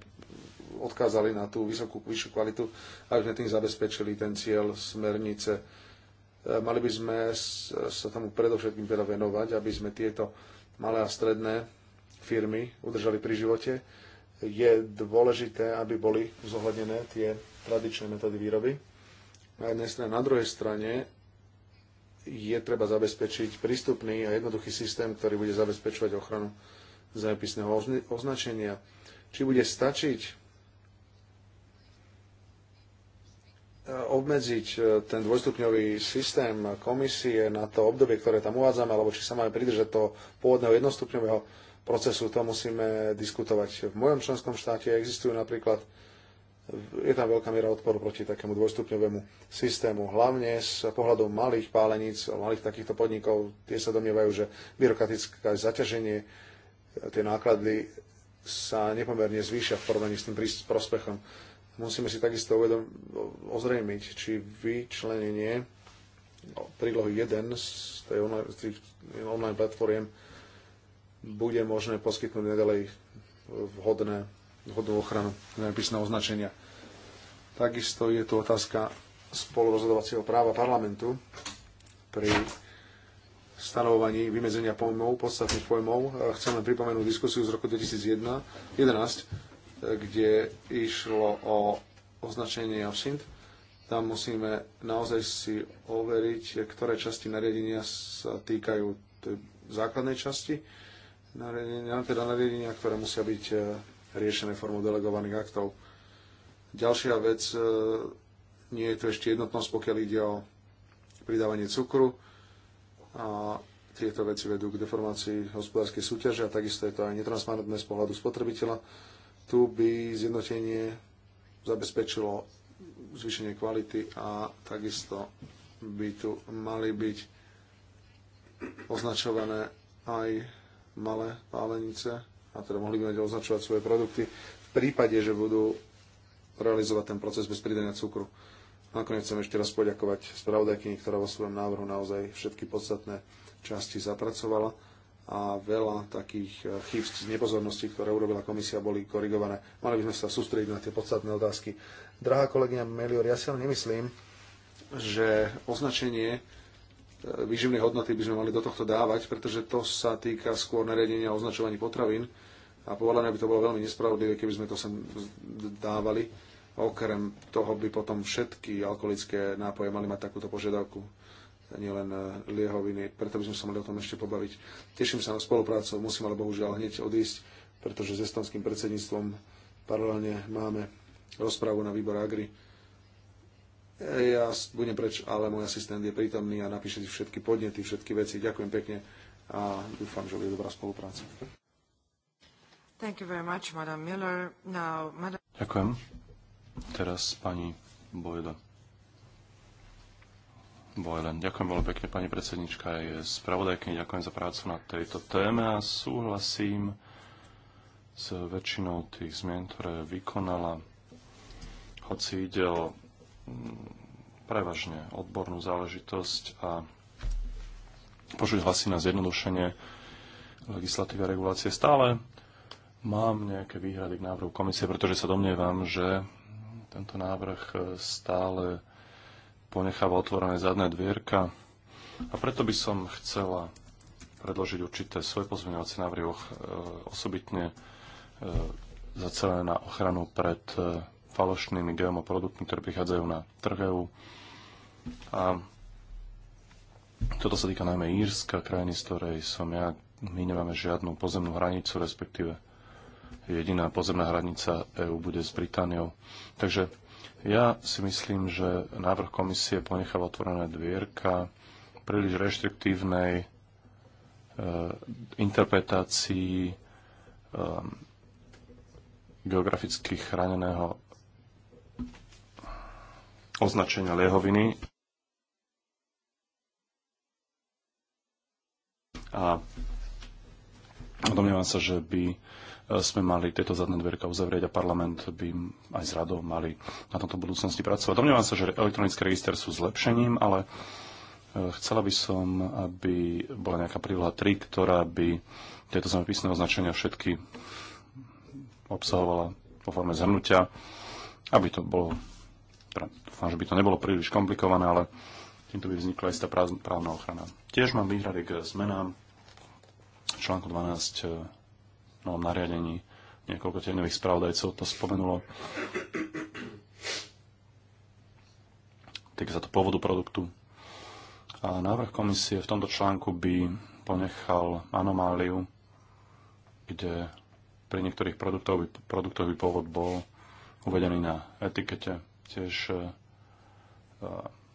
Speaker 1: odkázali na tú vysokú, vyššiu kvalitu, aby sme tým zabezpečili ten cieľ smernice. E, mali by sme sa tomu predovšetkým teda venovať, aby sme tieto malé a stredné firmy udržali pri živote. Je dôležité, aby boli zohľadnené tie tradičné metódy výroby. Na jednej strane, na druhej strane je treba zabezpečiť prístupný a jednoduchý systém, ktorý bude zabezpečovať ochranu zápisného označenia. Či bude stačiť e, obmedziť e, ten dvojstupňový systém komisie na to obdobie, ktoré tam uvádzame, alebo či sa máme pridržať toho pôvodného jednostupňového procesu, to musíme diskutovať. V mojom členskom štáte existujú napríklad je tam veľká miera odporu proti takému dvojstupňovému systému, hlavne s pohľadom malých páleníc, malých takýchto podnikov, tie sa domnievajú, že byrokratické zaťaženie, tie náklady sa nepomerne zvýšia v porovnaní s tým prospechom. Musíme si takisto uvedom, ozrejmiť, či vyčlenenie prílohy 1 z tej online, z tých online bude možné poskytnúť nedalej vhodné vhodnú ochranu zemepisného označenia. Takisto je tu otázka spolurozhodovacieho práva parlamentu pri stanovovaní vymedzenia pojmov, podstatných pojmov. E, chcem len pripomenúť diskusiu z roku 2011, e, kde išlo o označenie absint. Tam musíme naozaj si overiť, ktoré časti nariadenia sa týkajú tej základnej časti nariadenia, teda nariadenia, ktoré musia byť e, riešené formou delegovaných aktov. Ďalšia vec, e, nie je to ešte jednotnosť, pokiaľ ide o pridávanie cukru a tieto veci vedú k deformácii hospodárskej súťaže a takisto je to aj netransparentné z pohľadu spotrebiteľa. Tu by zjednotenie zabezpečilo zvýšenie kvality a takisto by tu mali byť označované aj malé pálenice, a teda mohli by mať označovať svoje produkty v prípade, že budú realizovať ten proces bez pridania cukru. Nakoniec chcem ešte raz poďakovať spravodajkyni, ktorá vo svojom návrhu naozaj všetky podstatné časti zapracovala a veľa takých eh, chýb z nepozornosti, ktoré urobila komisia, boli korigované. Mali by sme sa sústrediť na tie podstatné otázky. Drahá kolegyňa Melior, ja si len nemyslím, že označenie výživné hodnoty by sme mali do tohto dávať, pretože to sa týka skôr nariadenia o označovaní potravín a podľa mňa by to bolo veľmi nespravodlivé, keby sme to sem dávali. Okrem toho by potom všetky alkoholické nápoje mali mať takúto požiadavku, nielen eh, liehoviny. Preto by sme sa mali o tom ešte pobaviť. Teším sa na spoluprácu, musím ale bohužiaľ hneď odísť, pretože s estonským predsedníctvom paralelne máme rozprávu na výbor Agri ja budem preč, ale môj asistent je prítomný a napíše si všetky podnety, všetky veci. Ďakujem pekne a dúfam, že bude dobrá spolupráca.
Speaker 3: Thank you very much, Madam Miller. Now, Madam...
Speaker 1: Ďakujem. Teraz pani
Speaker 2: Bojda. Bojlen. Ďakujem veľmi pekne, pani predsednička, aj spravodajkyni. Ďakujem za prácu na tejto téme a súhlasím s väčšinou tých zmien, ktoré vykonala. Hoci ide o Mm, prevažne odbornú záležitosť a počuť hlasy na zjednodušenie legislatívy a regulácie. Stále mám nejaké výhrady k návrhu komisie, pretože sa domnievam, že tento návrh stále ponecháva otvorené zadné dvierka a preto by som chcela predložiť určité svoje pozmeňovacie návrhy e, osobitne e, zacelené na ochranu pred e, falošnými GMO produktmi, ktoré prichádzajú na trh EU. A toto sa týka najmä Írska, krajiny, z ktorej som ja. My nemáme žiadnu pozemnú hranicu, respektíve jediná pozemná hranica EÚ bude s Britániou. Takže ja si myslím, že návrh komisie ponecháva otvorené dvierka príliš reštriktívnej e, interpretácii e, geograficky chráneného označenia liehoviny. A domnievam sa, že by e, sme mali tieto zadné dverka uzavrieť a parlament by aj s radou mali na tomto budúcnosti pracovať. Domnievam sa, že elektronické register sú zlepšením, ale e, chcela by som, aby bola nejaká príloha 3, ktorá by tieto zemepisné označenia všetky obsahovala po forme zhrnutia, aby to bolo teda, dúfam, že by to nebolo príliš komplikované, ale týmto by vznikla istá právna ochrana. Tiež mám výhrady k zmenám článku 12 e, novom nariadení. Niekoľko tieňových spravodajcov to spomenulo. Týka sa to pôvodu produktu. A návrh komisie v tomto článku by ponechal anomáliu, kde pri niektorých produktoch by, produktoch by pôvod bol uvedený na etikete Tiež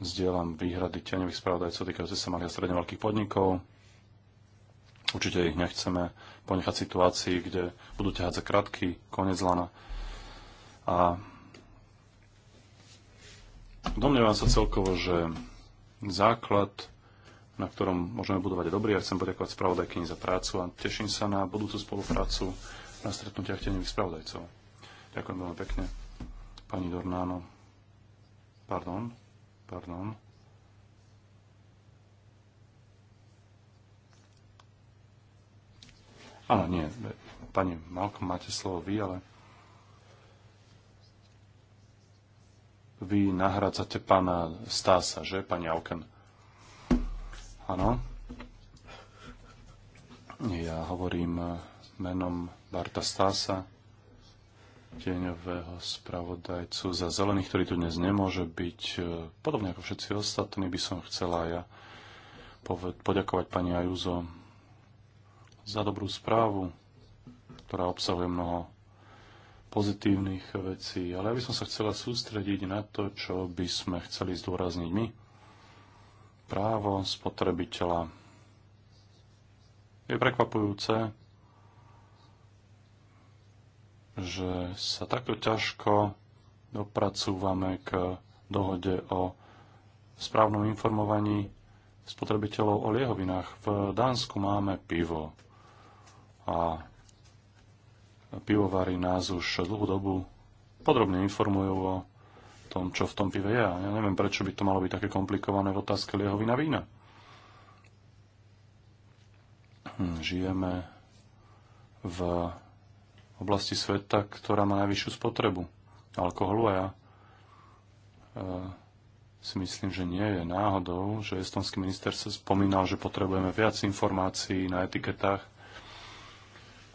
Speaker 2: vzdielam e, e, výhrady tieňových spravodajcov týkajúce sa malých a stredne veľkých podnikov. Určite ich nechceme ponechať situácii, kde budú ťahať za krátky koniec lana. A domnievam sa celkovo, že základ, na ktorom môžeme budovať dobrý, ja chcem poďakovať spravodajkyni za prácu a teším sa na budúcu spoluprácu na stretnutiach tieňových spravodajcov. Ďakujem veľmi pekne, pani Dornáno. Pardon, pardon. Áno, nie. Pani Malko, máte slovo vy, ale vy nahradzate pána Stása, že, pani Auken? Áno. Ja hovorím menom Barta Stása tieňového spravodajcu za zelených, ktorý tu dnes nemôže byť. E, podobne ako všetci ostatní by som chcela ja poďakovať pani Ajuzo za dobrú správu, ktorá obsahuje mnoho pozitívnych vecí, ale ja by som sa chcela sústrediť na to, čo by sme chceli zdôrazniť my. Právo spotrebiteľa. Je prekvapujúce, že sa takto ťažko dopracúvame k dohode o správnom informovaní spotrebiteľov o liehovinách. V Dánsku máme pivo a pivovári nás už dlhú dobu podrobne informujú o tom, čo v tom pive je. Ja neviem, prečo by to malo byť také komplikované v otázke liehovina vína. Hm, žijeme v oblasti sveta, ktorá má najvyššiu spotrebu alkoholu a ja e, si myslím, že nie je náhodou, že estonský minister sa spomínal, že potrebujeme viac informácií na etiketách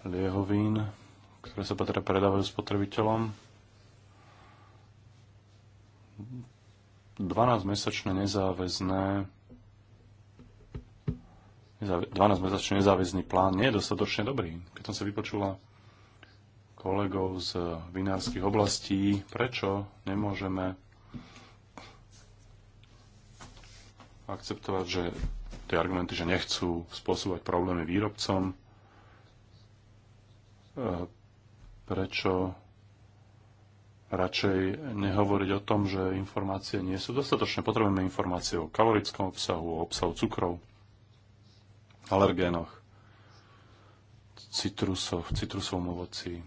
Speaker 2: liehovín, ktoré sa teda predávajú spotrebiteľom. 12-mesačné nezáväzné 12-mesačný nezáväzný plán nie je dostatočne dobrý. Keď som sa vypočula kolegov z vinárskych oblastí, prečo nemôžeme akceptovať, že tie argumenty, že nechcú spôsobovať problémy výrobcom, e, prečo radšej nehovoriť o tom, že informácie nie sú dostatočné. Potrebujeme informácie o kalorickom obsahu, o obsahu cukrov, alergénoch, citrusoch, citrusovom ovoci,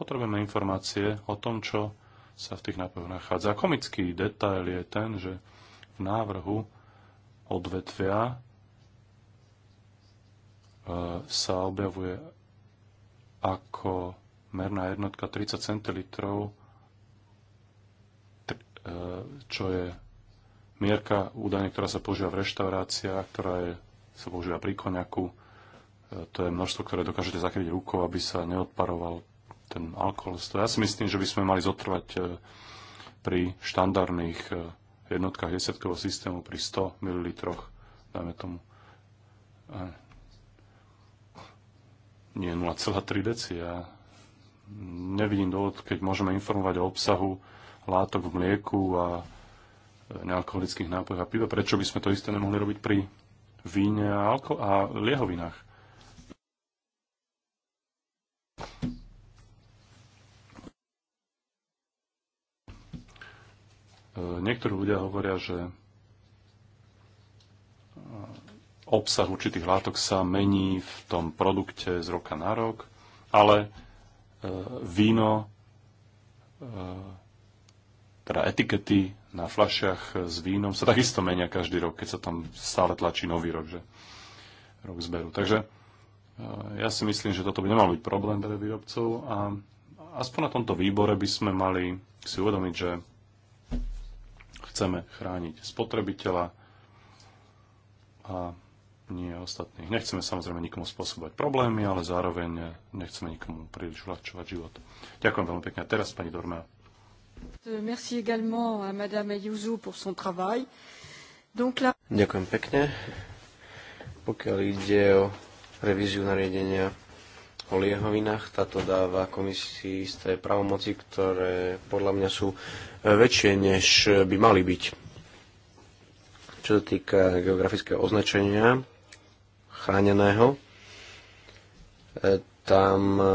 Speaker 2: potrebujeme informácie o tom, čo sa v tých nápojoch nachádza. Komický detail je ten, že v návrhu odvetvia e, sa objavuje ako merná jednotka 30 cl, e, čo je mierka údajne, ktorá sa používa v reštauráciách, ktorá je, sa používa pri koňaku. E, to je množstvo, ktoré dokážete zakryť rukou, aby sa neodparoval ten alkohol Ja si myslím, že by sme mali zotrvať e, pri štandardných e, jednotkách desiatkového systému pri 100 ml, dajme tomu. Nie 0,3 deci. Ja nevidím dôvod, keď môžeme informovať o obsahu látok v mlieku a e, nealkoholických nápojoch a piva. Prečo by sme to isté nemohli robiť pri víne a, alko- a liehovinách? E, niektorí ľudia hovoria, že e, obsah určitých látok sa mení v tom produkte z roka na rok, ale e, víno, teda etikety na fľašiach s vínom sa takisto menia každý rok, keď sa tam stále tlačí nový rok, že rok zberu. Takže ja si myslím, že toto by nemal byť problém pre výrobcov a aspoň na tomto výbore by sme mali si uvedomiť, že chceme chrániť spotrebiteľa a nie ostatných. Nechceme samozrejme nikomu spôsobovať problémy, ale zároveň nechceme nikomu príliš uľahčovať život. Ďakujem veľmi pekne. A teraz pani Dormea.
Speaker 3: Merci également à madame Ayuso pour son travail. Donc la... Ďakujem pekne. Pokiaľ ide o revíziu nariadenia o liehovinách. Táto dáva komisii isté pravomoci, ktoré podľa mňa sú e, väčšie, než by mali byť. Čo sa týka geografického označenia chráneného, e, tam e,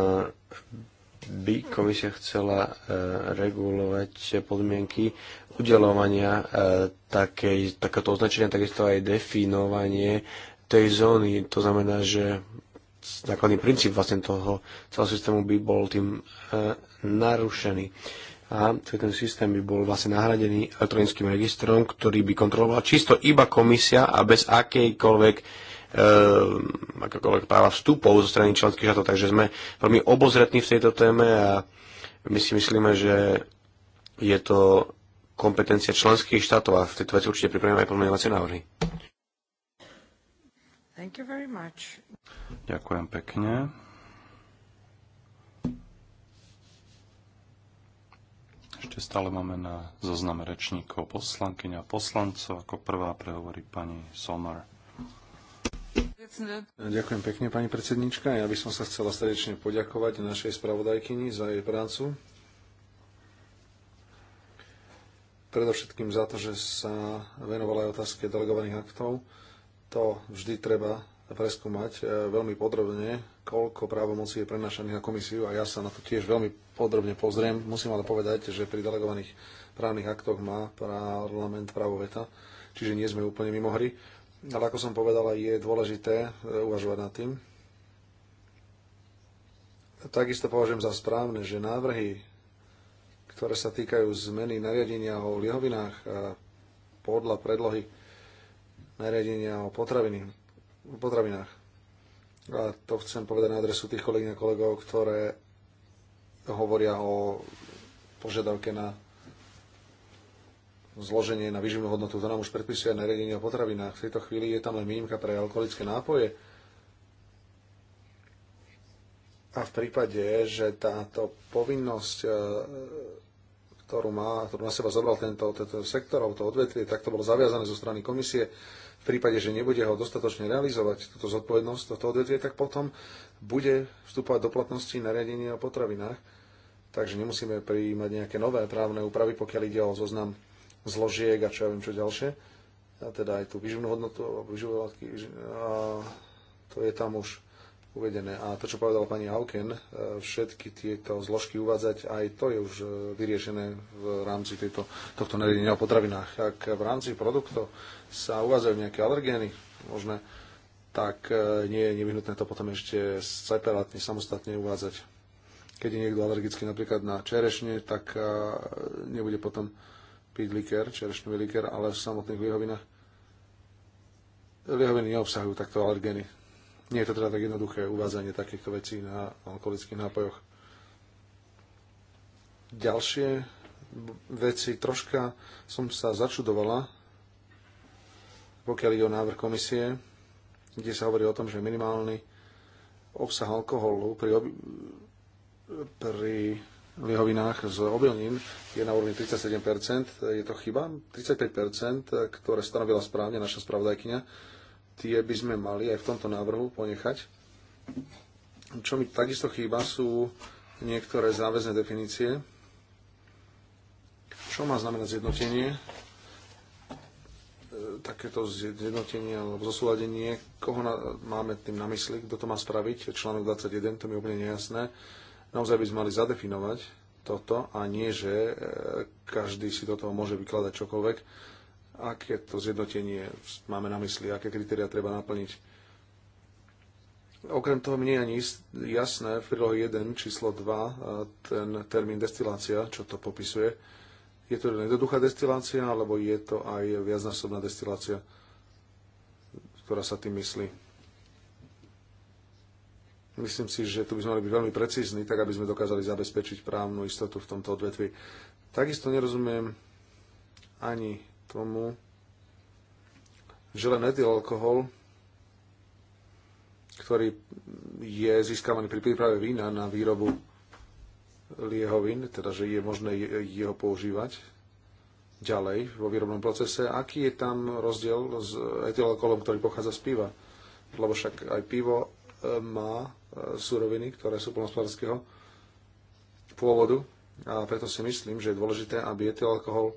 Speaker 3: by komisia chcela regulovať podmienky udelovania takéto označenia, takisto aj definovanie tej zóny. To znamená, že základný princíp vlastne toho celého systému by bol tým e, narušený. A ten systém by bol vlastne nahradený elektronickým registrom, ktorý by kontroloval čisto iba komisia a bez akejkoľvek e, akékoľvek práva vstupov zo strany členských štátov, takže sme veľmi obozretní v tejto téme a my si myslíme, že je to kompetencia členských štátov a v tejto veci určite pripravíme aj pozmeňovacie návrhy. Thank you very much. Ďakujem pekne.
Speaker 2: Ešte stále máme na zozname rečníkov poslankyňa a poslancov. Ako prvá prehovorí pani Somar.
Speaker 1: Ďakujem pekne, pani predsednička. Ja by som sa chcela srdečne poďakovať našej spravodajkyni za jej prácu. Predovšetkým za to, že sa venovala aj otázke delegovaných aktov. To vždy treba preskúmať e, veľmi podrobne, koľko právomocí je prenašaných na komisiu a ja sa na to tiež veľmi podrobne pozriem. Musím ale povedať, že pri delegovaných právnych aktoch má parlament právo veta, čiže nie sme úplne mimo hry. Ale ako som povedala, je dôležité e, uvažovať nad tým. Takisto považujem za správne, že návrhy, ktoré sa týkajú zmeny nariadenia o liehovinách a podľa predlohy nariadenia o potravinách, v potravinách. A to chcem povedať na adresu tých kolegyň a kolegov, ktoré hovoria o požiadavke na zloženie na výživnú hodnotu. To nám už predpisuje aj nariadenie o potravinách. V tejto chvíli je tam len výnimka pre alkoholické nápoje. A v prípade, že táto povinnosť, e, ktorú, má, ktorú na seba zobral tento, tento sektor, alebo to odvetvie, tak to bolo zaviazané zo strany komisie, v prípade, že nebude ho dostatočne realizovať túto zodpovednosť toto odvetvie, tak potom bude vstupovať do platnosti nariadenie o potravinách. Takže nemusíme prijímať nejaké nové právne úpravy, pokiaľ ide o zoznam zložiek a čo ja viem čo ďalšie. A teda aj tú výživnú hodnotu, a to je tam už uvedené. A to, čo povedala pani Auken, e, všetky tieto zložky uvádzať, aj to je už e, vyriešené v rámci tejto, tohto nariadenia o potravinách. Ak v rámci produktov sa uvádzajú nejaké alergény, možné, tak e, nie je nevyhnutné to potom ešte separátne, samostatne uvádzať. Keď je niekto alergický napríklad na čerešne, tak nebude potom piť likér, čerešňový likér, ale v samotných liehovinách liehoviny neobsahujú takto alergény nie je to teda tak jednoduché uvázanie takýchto vecí na alkoholických nápojoch. Ďalšie veci, troška som sa začudovala, pokiaľ ide o návrh komisie, kde sa hovorí o tom, že minimálny obsah alkoholu pri, ob... pri lihovinách z obilnín je na úrovni 37%, je to chyba, 35%, ktoré stanovila správne naša spravodajkynia tie by sme mali aj v tomto návrhu ponechať. Čo mi takisto chýba, sú niektoré záväzné definície. Čo má znamenať zjednotenie? E, takéto zjednotenie alebo zosúladenie, koho na, máme tým na mysli, kto to má spraviť, článok 21, to mi je úplne nejasné. Naozaj by sme mali zadefinovať toto a nie, že e, každý si do toho môže vykladať čokoľvek aké to zjednotenie máme na mysli, aké kritéria treba naplniť. Okrem toho mne je ani jasné v prílohe 1 číslo 2 ten termín destilácia, čo to popisuje. Je to jednoduchá destilácia, alebo je to aj viacnásobná destilácia, ktorá sa tým myslí? Myslím si, že tu by sme mali byť veľmi precízni, tak aby sme dokázali zabezpečiť právnu istotu v tomto odvetvi. Takisto nerozumiem ani tomu, že len etyl alkohol, ktorý je získavaný pri príprave vína na výrobu liehovín, teda že je možné jeho používať ďalej vo výrobnom procese. Aký je tam rozdiel s etylalkoholom, ktorý pochádza z piva? Lebo však aj pivo e, má e, suroviny, ktoré sú plnospodárskeho pôvodu a preto si myslím, že je dôležité, aby etylalkohol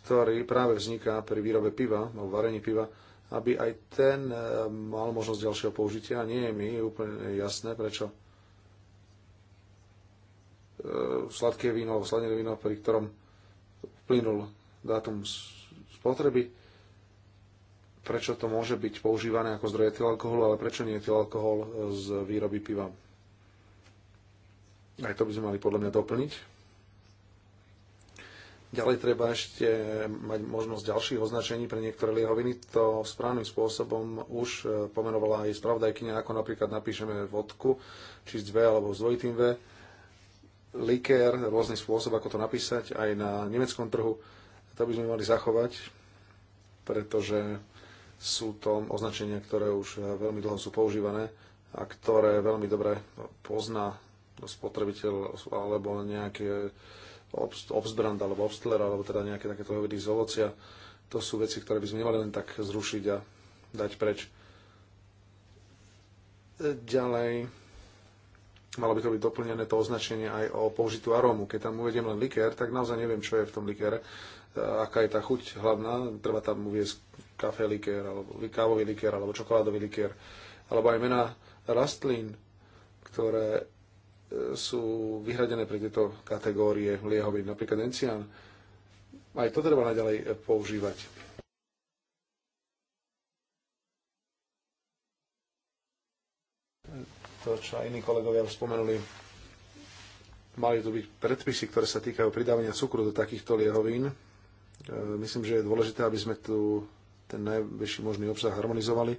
Speaker 1: ktorý práve vzniká pri výrobe piva, alebo varení piva, aby aj ten eh, mal možnosť ďalšieho použitia. Nie je mi úplne jasné, prečo eh, sladké víno alebo sladené víno, pri ktorom plynul dátum spotreby, prečo to môže byť používané ako zdroje etylalkoholu, ale prečo nie etylalkohol z výroby piva. Aj to by sme mali podľa mňa doplniť. Ďalej treba ešte mať možnosť ďalších označení pre niektoré liehoviny. To správnym spôsobom už e, pomenovala aj spravodajkynia, ako napríklad napíšeme vodku, či z dve alebo s dvojitým V, likér, rôzny spôsob, ako to napísať aj na nemeckom trhu. To by sme mali zachovať, pretože sú to označenia, ktoré už e, veľmi dlho sú používané a ktoré veľmi dobre pozná spotrebiteľ alebo nejaké obst, obzbrand alebo obstler alebo teda nejaké takéto hovedy z ovocia. To sú veci, ktoré by sme nemali len tak zrušiť a dať preč. E, ďalej malo by to byť doplnené to označenie aj o použitú arómu. Keď tam uvediem len likér, tak naozaj neviem, čo je v tom likére, e, aká je tá chuť hlavná. Treba tam uviezť kafe likér, alebo kávový likér, alebo čokoládový likér, alebo aj mená rastlín, ktoré sú vyhradené pre tieto kategórie liehovín, napríklad encián.
Speaker 3: Aj to treba naďalej
Speaker 1: používať. To, čo aj iní kolegovia už spomenuli, mali tu byť predpisy, ktoré sa týkajú pridávania cukru do takýchto liehovín. E, myslím, že je dôležité, aby sme tu ten najvyšší možný obsah harmonizovali.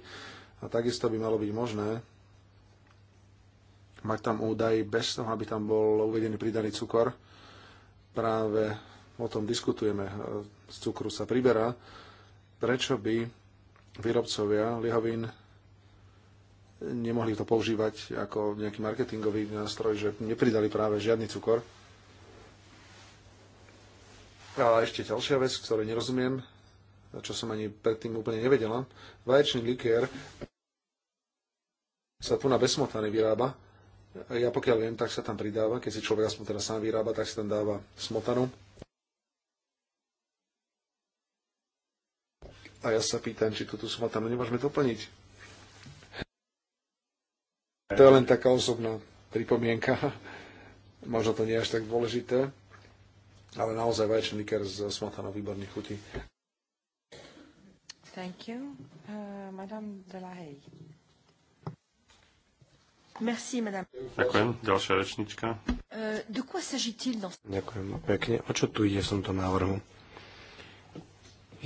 Speaker 1: A takisto by malo byť možné mať tam údaj bez toho, aby tam bol uvedený pridaný cukor. Práve o tom diskutujeme. Z cukru sa priberá. Prečo by výrobcovia lihovín nemohli to používať ako nejaký marketingový nástroj, že nepridali práve žiadny cukor. A ešte ďalšia vec, ktorú nerozumiem, čo som ani predtým úplne nevedela. Vaječný likér sa tu na besmotany vyrába ja pokiaľ viem, tak sa tam pridáva, keď si človek aspoň teraz sám vyrába, tak si tam dáva smotanu. A ja sa pýtam, či túto smotanu nemôžeme doplniť. To je len taká osobná pripomienka. <laughs> Možno to nie je až tak dôležité, ale naozaj vaječný liker z smotanou výborných chutí.
Speaker 2: Thank you. Uh, Madame Delahaye. Merci, madame. Ďakujem. Ďalšia rečnička. Euh, de quoi s'agit-il dans...
Speaker 3: Ďakujem pekne. O čo tu ide v tomto návrhu?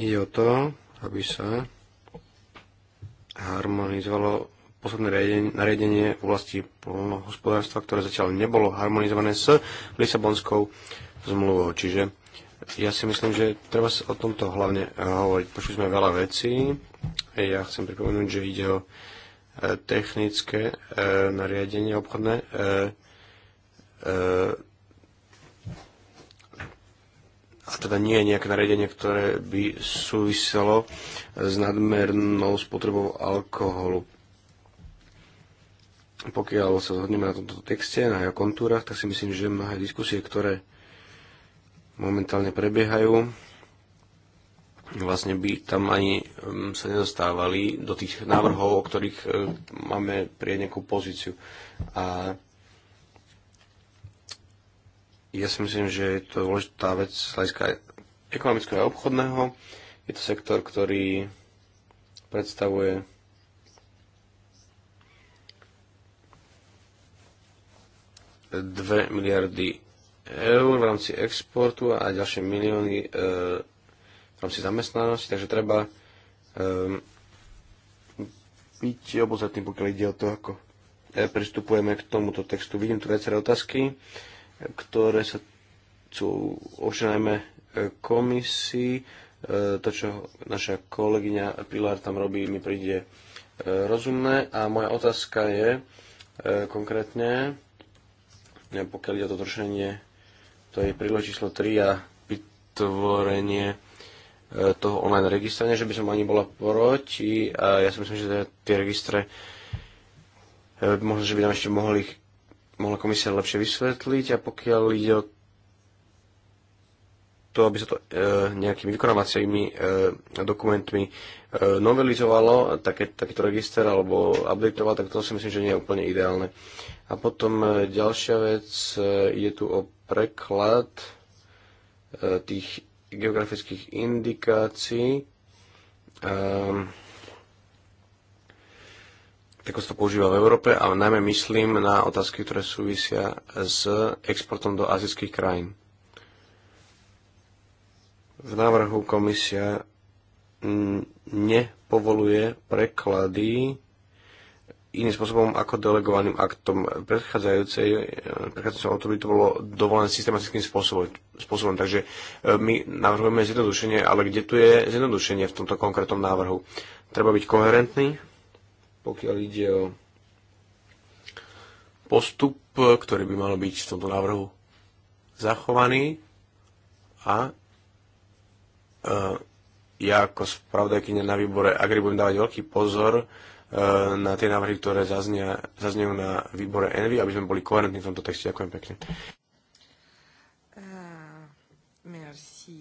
Speaker 3: Ide o to, aby sa harmonizovalo posledné nariadenie v oblasti hospodárstva, ktoré zatiaľ nebolo harmonizované s Lisabonskou zmluvou. Čiže ja si myslím, že treba sa o tomto hlavne hovoriť. Počuli sme veľa vecí. Ja chcem pripomenúť, že ide o technické e, nariadenie obchodné e, e, a teda nie je nejaké nariadenie, ktoré by súviselo s nadmernou spotrebou alkoholu. Pokiaľ sa zhodneme na tomto texte, na jeho kontúrach, tak si myslím, že mnohé diskusie, ktoré momentálne prebiehajú, vlastne by tam ani sa nedostávali do tých návrhov, o ktorých e, máme prieť nejakú pozíciu. A ja si myslím, že je to dôležitá vec z hľadiska ekonomického a obchodného. Je to sektor, ktorý predstavuje dve miliardy eur v rámci exportu a ďalšie milióny e, rámci zamestnanosti, takže treba um, byť obozretný, pokiaľ ide o to, ako e, pristupujeme k tomuto textu. Vidím tu viaceré otázky, ktoré sa sú ovšenajme komisii. E, to, čo naša kolegyňa Pilar tam robí, mi príde e, rozumné. A moja otázka je konkrétne, pokiaľ ide o to trošenie, to je príloha číslo 3 a vytvorenie E, toho online registra, že by som ani bola proti a ja si myslím, že teda tie registre e, možno, že by nám ešte mohli, mohla komisia lepšie vysvetliť a pokiaľ ide o to, aby sa to e, nejakými vykonávacími e, dokumentmi e, novelizovalo, také, takýto register alebo updateoval, tak to si myslím, že nie je úplne ideálne. A potom e, ďalšia vec, e, je tu o preklad e, tých geografických indikácií. Um, tak sa to používa v Európe, ale najmä myslím na otázky, ktoré súvisia s exportom do azijských krajín. V návrhu komisia nepovoluje preklady iným spôsobom ako delegovaným aktom predchádzajúcej, eh, predchádzajúcej autory to bolo dovolené systematickým spôsobom, spôsobom. Takže eh, my navrhujeme zjednodušenie, ale kde tu je zjednodušenie v tomto konkrétnom návrhu? Treba byť koherentný, pokiaľ ide o postup, ktorý by mal byť v tomto návrhu zachovaný a eh, ja ako spravodajkyňa na výbore ak budem dávať veľký pozor, na tie návrhy, ktoré zaznia, zaznejú na výbore Envy, aby sme boli koherentní v tomto texte. Ďakujem pekne. Eh, merci.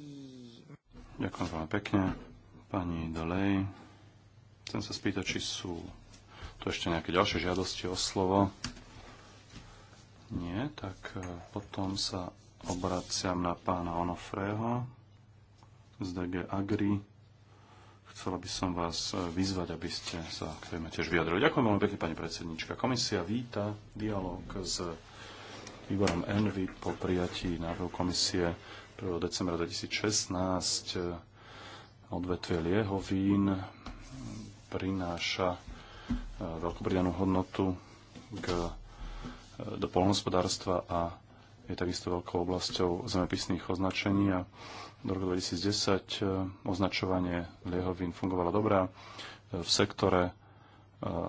Speaker 2: Ďakujem veľmi pekne. Pani Dolej, chcem sa spýtať, či sú tu ešte nejaké ďalšie žiadosti o slovo. Nie, tak eh, potom sa obraciam na pána Onofrého z DG Agri. Chcela by som vás e, vyzvať, aby ste sa k téme tiež vyjadrili. Ďakujem veľmi pekne, pani predsednička. Komisia víta dialog s výborom Envy po prijatí návrhu komisie 1. decembra 2016 odvetvie liehovín prináša e, veľkú pridanú hodnotu k, e, do polnospodárstva a je takisto veľkou oblasťou zemepisných označení a do roku 2010 e, označovanie liehovín fungovalo dobrá. E, v sektore e,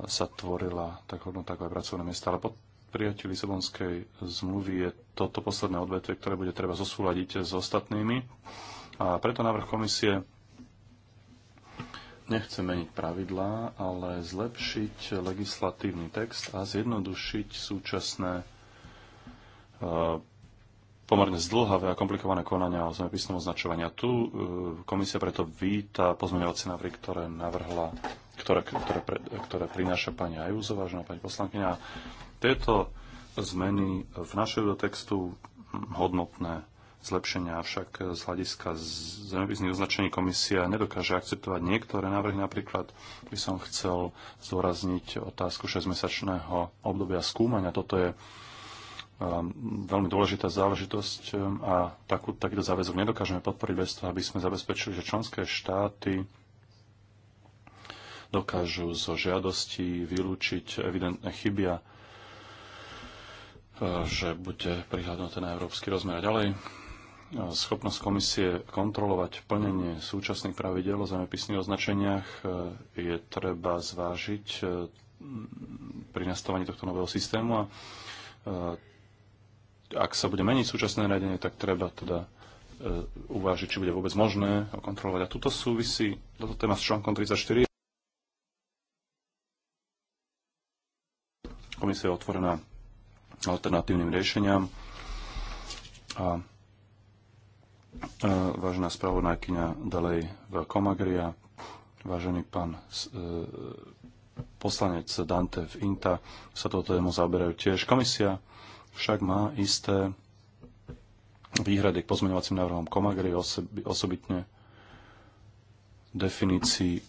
Speaker 2: sa tvorila tak hodnota ako aj pracovné miesta, ale po prijatí Lisabonskej zmluvy je toto posledné odvetvie, ktoré bude treba zosúľadiť s ostatnými. A preto návrh komisie nechce meniť pravidlá, ale zlepšiť legislatívny text a zjednodušiť súčasné pomerne zdlhavé a komplikované konania o zemepisnom označovaní. tu e, komisia preto víta pozmeňovacie návrhy, ktoré navrhla, ktoré, ktoré, pre, ktoré prináša pani Ajúzová, žena pani poslankyňa. Tieto zmeny v našej do textu hodnotné zlepšenia, avšak z hľadiska zemepisných označení komisia nedokáže akceptovať niektoré návrhy. Napríklad by som chcel zdôrazniť otázku 6-mesačného obdobia skúmania. Toto je veľmi dôležitá záležitosť e, a takú, takýto záväzok nedokážeme podporiť bez toho, aby sme zabezpečili, že členské štáty dokážu zo žiadostí vylúčiť evidentné chyby a e, že bude prihľadnuté na európsky rozmer. A ďalej, e, schopnosť komisie kontrolovať plnenie súčasných pravidel o zemepisných označeniach je treba zvážiť pri nastavení tohto nového systému a ak sa bude meniť súčasné riadenie, tak treba teda e, uvážiť, či bude vôbec možné ho kontrolovať. A tuto súvisí toto téma s článkom 34. Komisia je otvorená alternatívnym riešeniam a e, vážená spravodajkyňa Dalej v Komagria, vážený pán e, poslanec Dante v INTA sa toto tému zaoberajú tiež. Komisia však má isté výhrady k pozmeňovacím návrhom Komagry, osobitne definícii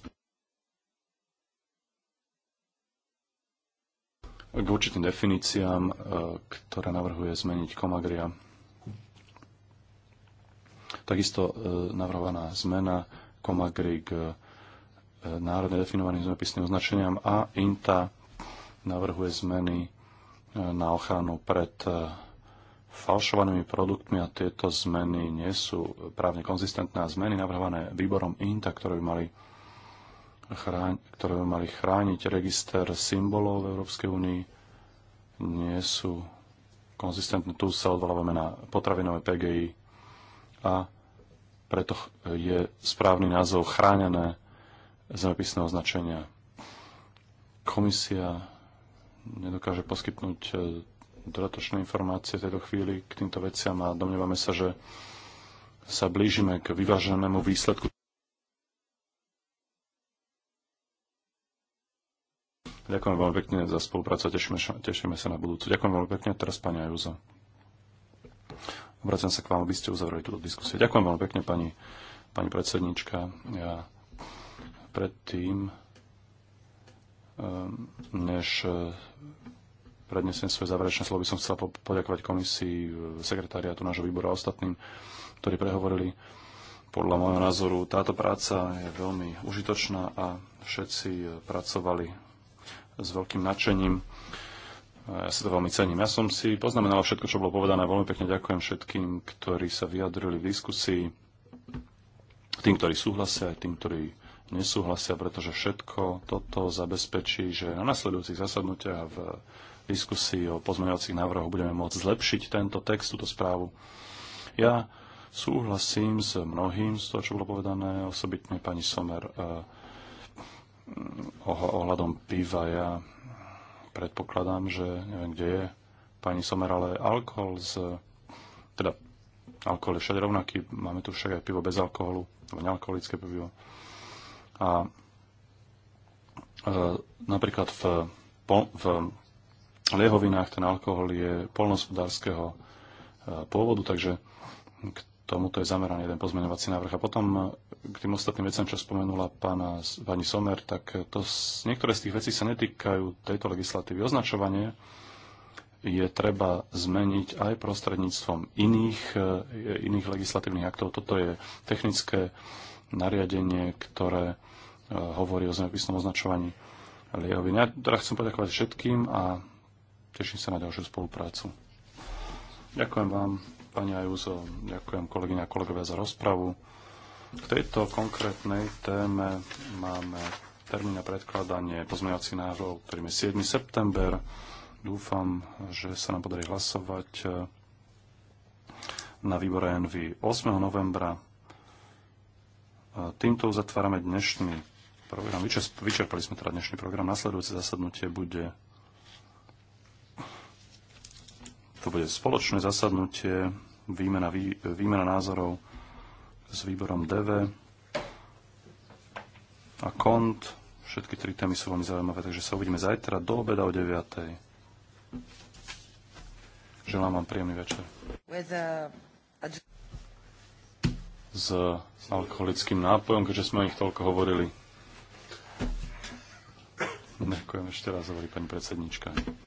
Speaker 2: k určitým definíciám, e, ktoré navrhuje zmeniť Komagria. Takisto e, navrhovaná zmena Komagri k e, národne definovaným zemepisným označeniam a INTA navrhuje zmeny na ochranu pred e, falšovanými produktmi a tieto zmeny nie sú právne konzistentné a zmeny navrhované výborom INTA, ktoré by mali, chráň, ktoré by mali chrániť register symbolov v Európskej únii, nie sú konzistentné. Tu sa odvolávame na potravinové PGI a preto je správny názov chránené zemepisné označenia. Komisia nedokáže poskytnúť e, dodatočné informácie v tejto chvíli k týmto veciam a domnievame sa, že sa blížime k vyváženému výsledku. Ďakujem veľmi pekne za spoluprácu a tešíme, tešíme sa na budúcu. Ďakujem veľmi pekne. Teraz pani Ajúza. Obraciam sa k vám, aby ste uzavreli túto diskusiu. Ďakujem veľmi pekne, pani, pani predsednička. Ja predtým Ehm, než e, prednesiem svoje záverečné slovo, by som chcel poďakovať komisii, e, sekretariatu nášho výboru a ostatným, ktorí prehovorili. Podľa môjho názoru táto práca je veľmi užitočná a všetci e, pracovali s veľkým nadšením. Ja sa to veľmi cením. Ja som si poznamenal všetko, čo bolo povedané. Veľmi pekne ďakujem všetkým, ktorí sa vyjadrili v diskusii, tým, ktorí súhlasia, aj tým, ktorí nesúhlasia, pretože všetko toto zabezpečí, že na nasledujúcich zasadnutiach v diskusii o pozmeňovacích návrhoch budeme môcť zlepšiť tento text, túto správu. Ja súhlasím s mnohým z toho, čo bolo povedané, osobitne pani Somer eh, ohľadom piva. Ja predpokladám, že neviem, kde je pani Somer, ale alkohol z... teda alkohol je všade rovnaký, máme tu však aj pivo bez alkoholu, alebo nealkoholické pivo. A e, napríklad v, v liehovinách ten alkohol je polnospodárskeho e, pôvodu, takže k tomuto je zameraný jeden pozmeňovací návrh. A potom e, k tým ostatným veciam, čo spomenula pána, pani Somer, tak to, niektoré z tých vecí sa netýkajú tejto legislatívy. Označovanie je treba zmeniť aj prostredníctvom iných, iných legislatívnych aktov. Toto je technické nariadenie, ktoré e, hovorí o zemepisnom označovaní liehovin. Ja teda chcem poďakovať všetkým a teším sa na ďalšiu spoluprácu. Ďakujem vám, pani Ajúzo, ďakujem kolegyne a kolegovia za rozpravu. K tejto konkrétnej téme máme termín na predkladanie pozmeňovacích návrhov, ktorým je 7. september. Dúfam, že sa nám podarí hlasovať e, na výbore NV 8. novembra Týmto uzatvárame dnešný program. Vyčerpali sme teda dnešný program. Nasledujúce zasadnutie bude to bude spoločné zasadnutie, výmena, výmena názorov s výborom DV a KONT. Všetky tri témy sú veľmi zaujímavé, takže sa uvidíme zajtra do obeda o 9. Želám vám príjemný večer. Uh, s alkoholickým nápojom, keďže sme o nich toľko hovorili. Ďakujem ešte raz, hovorí pani predsednička.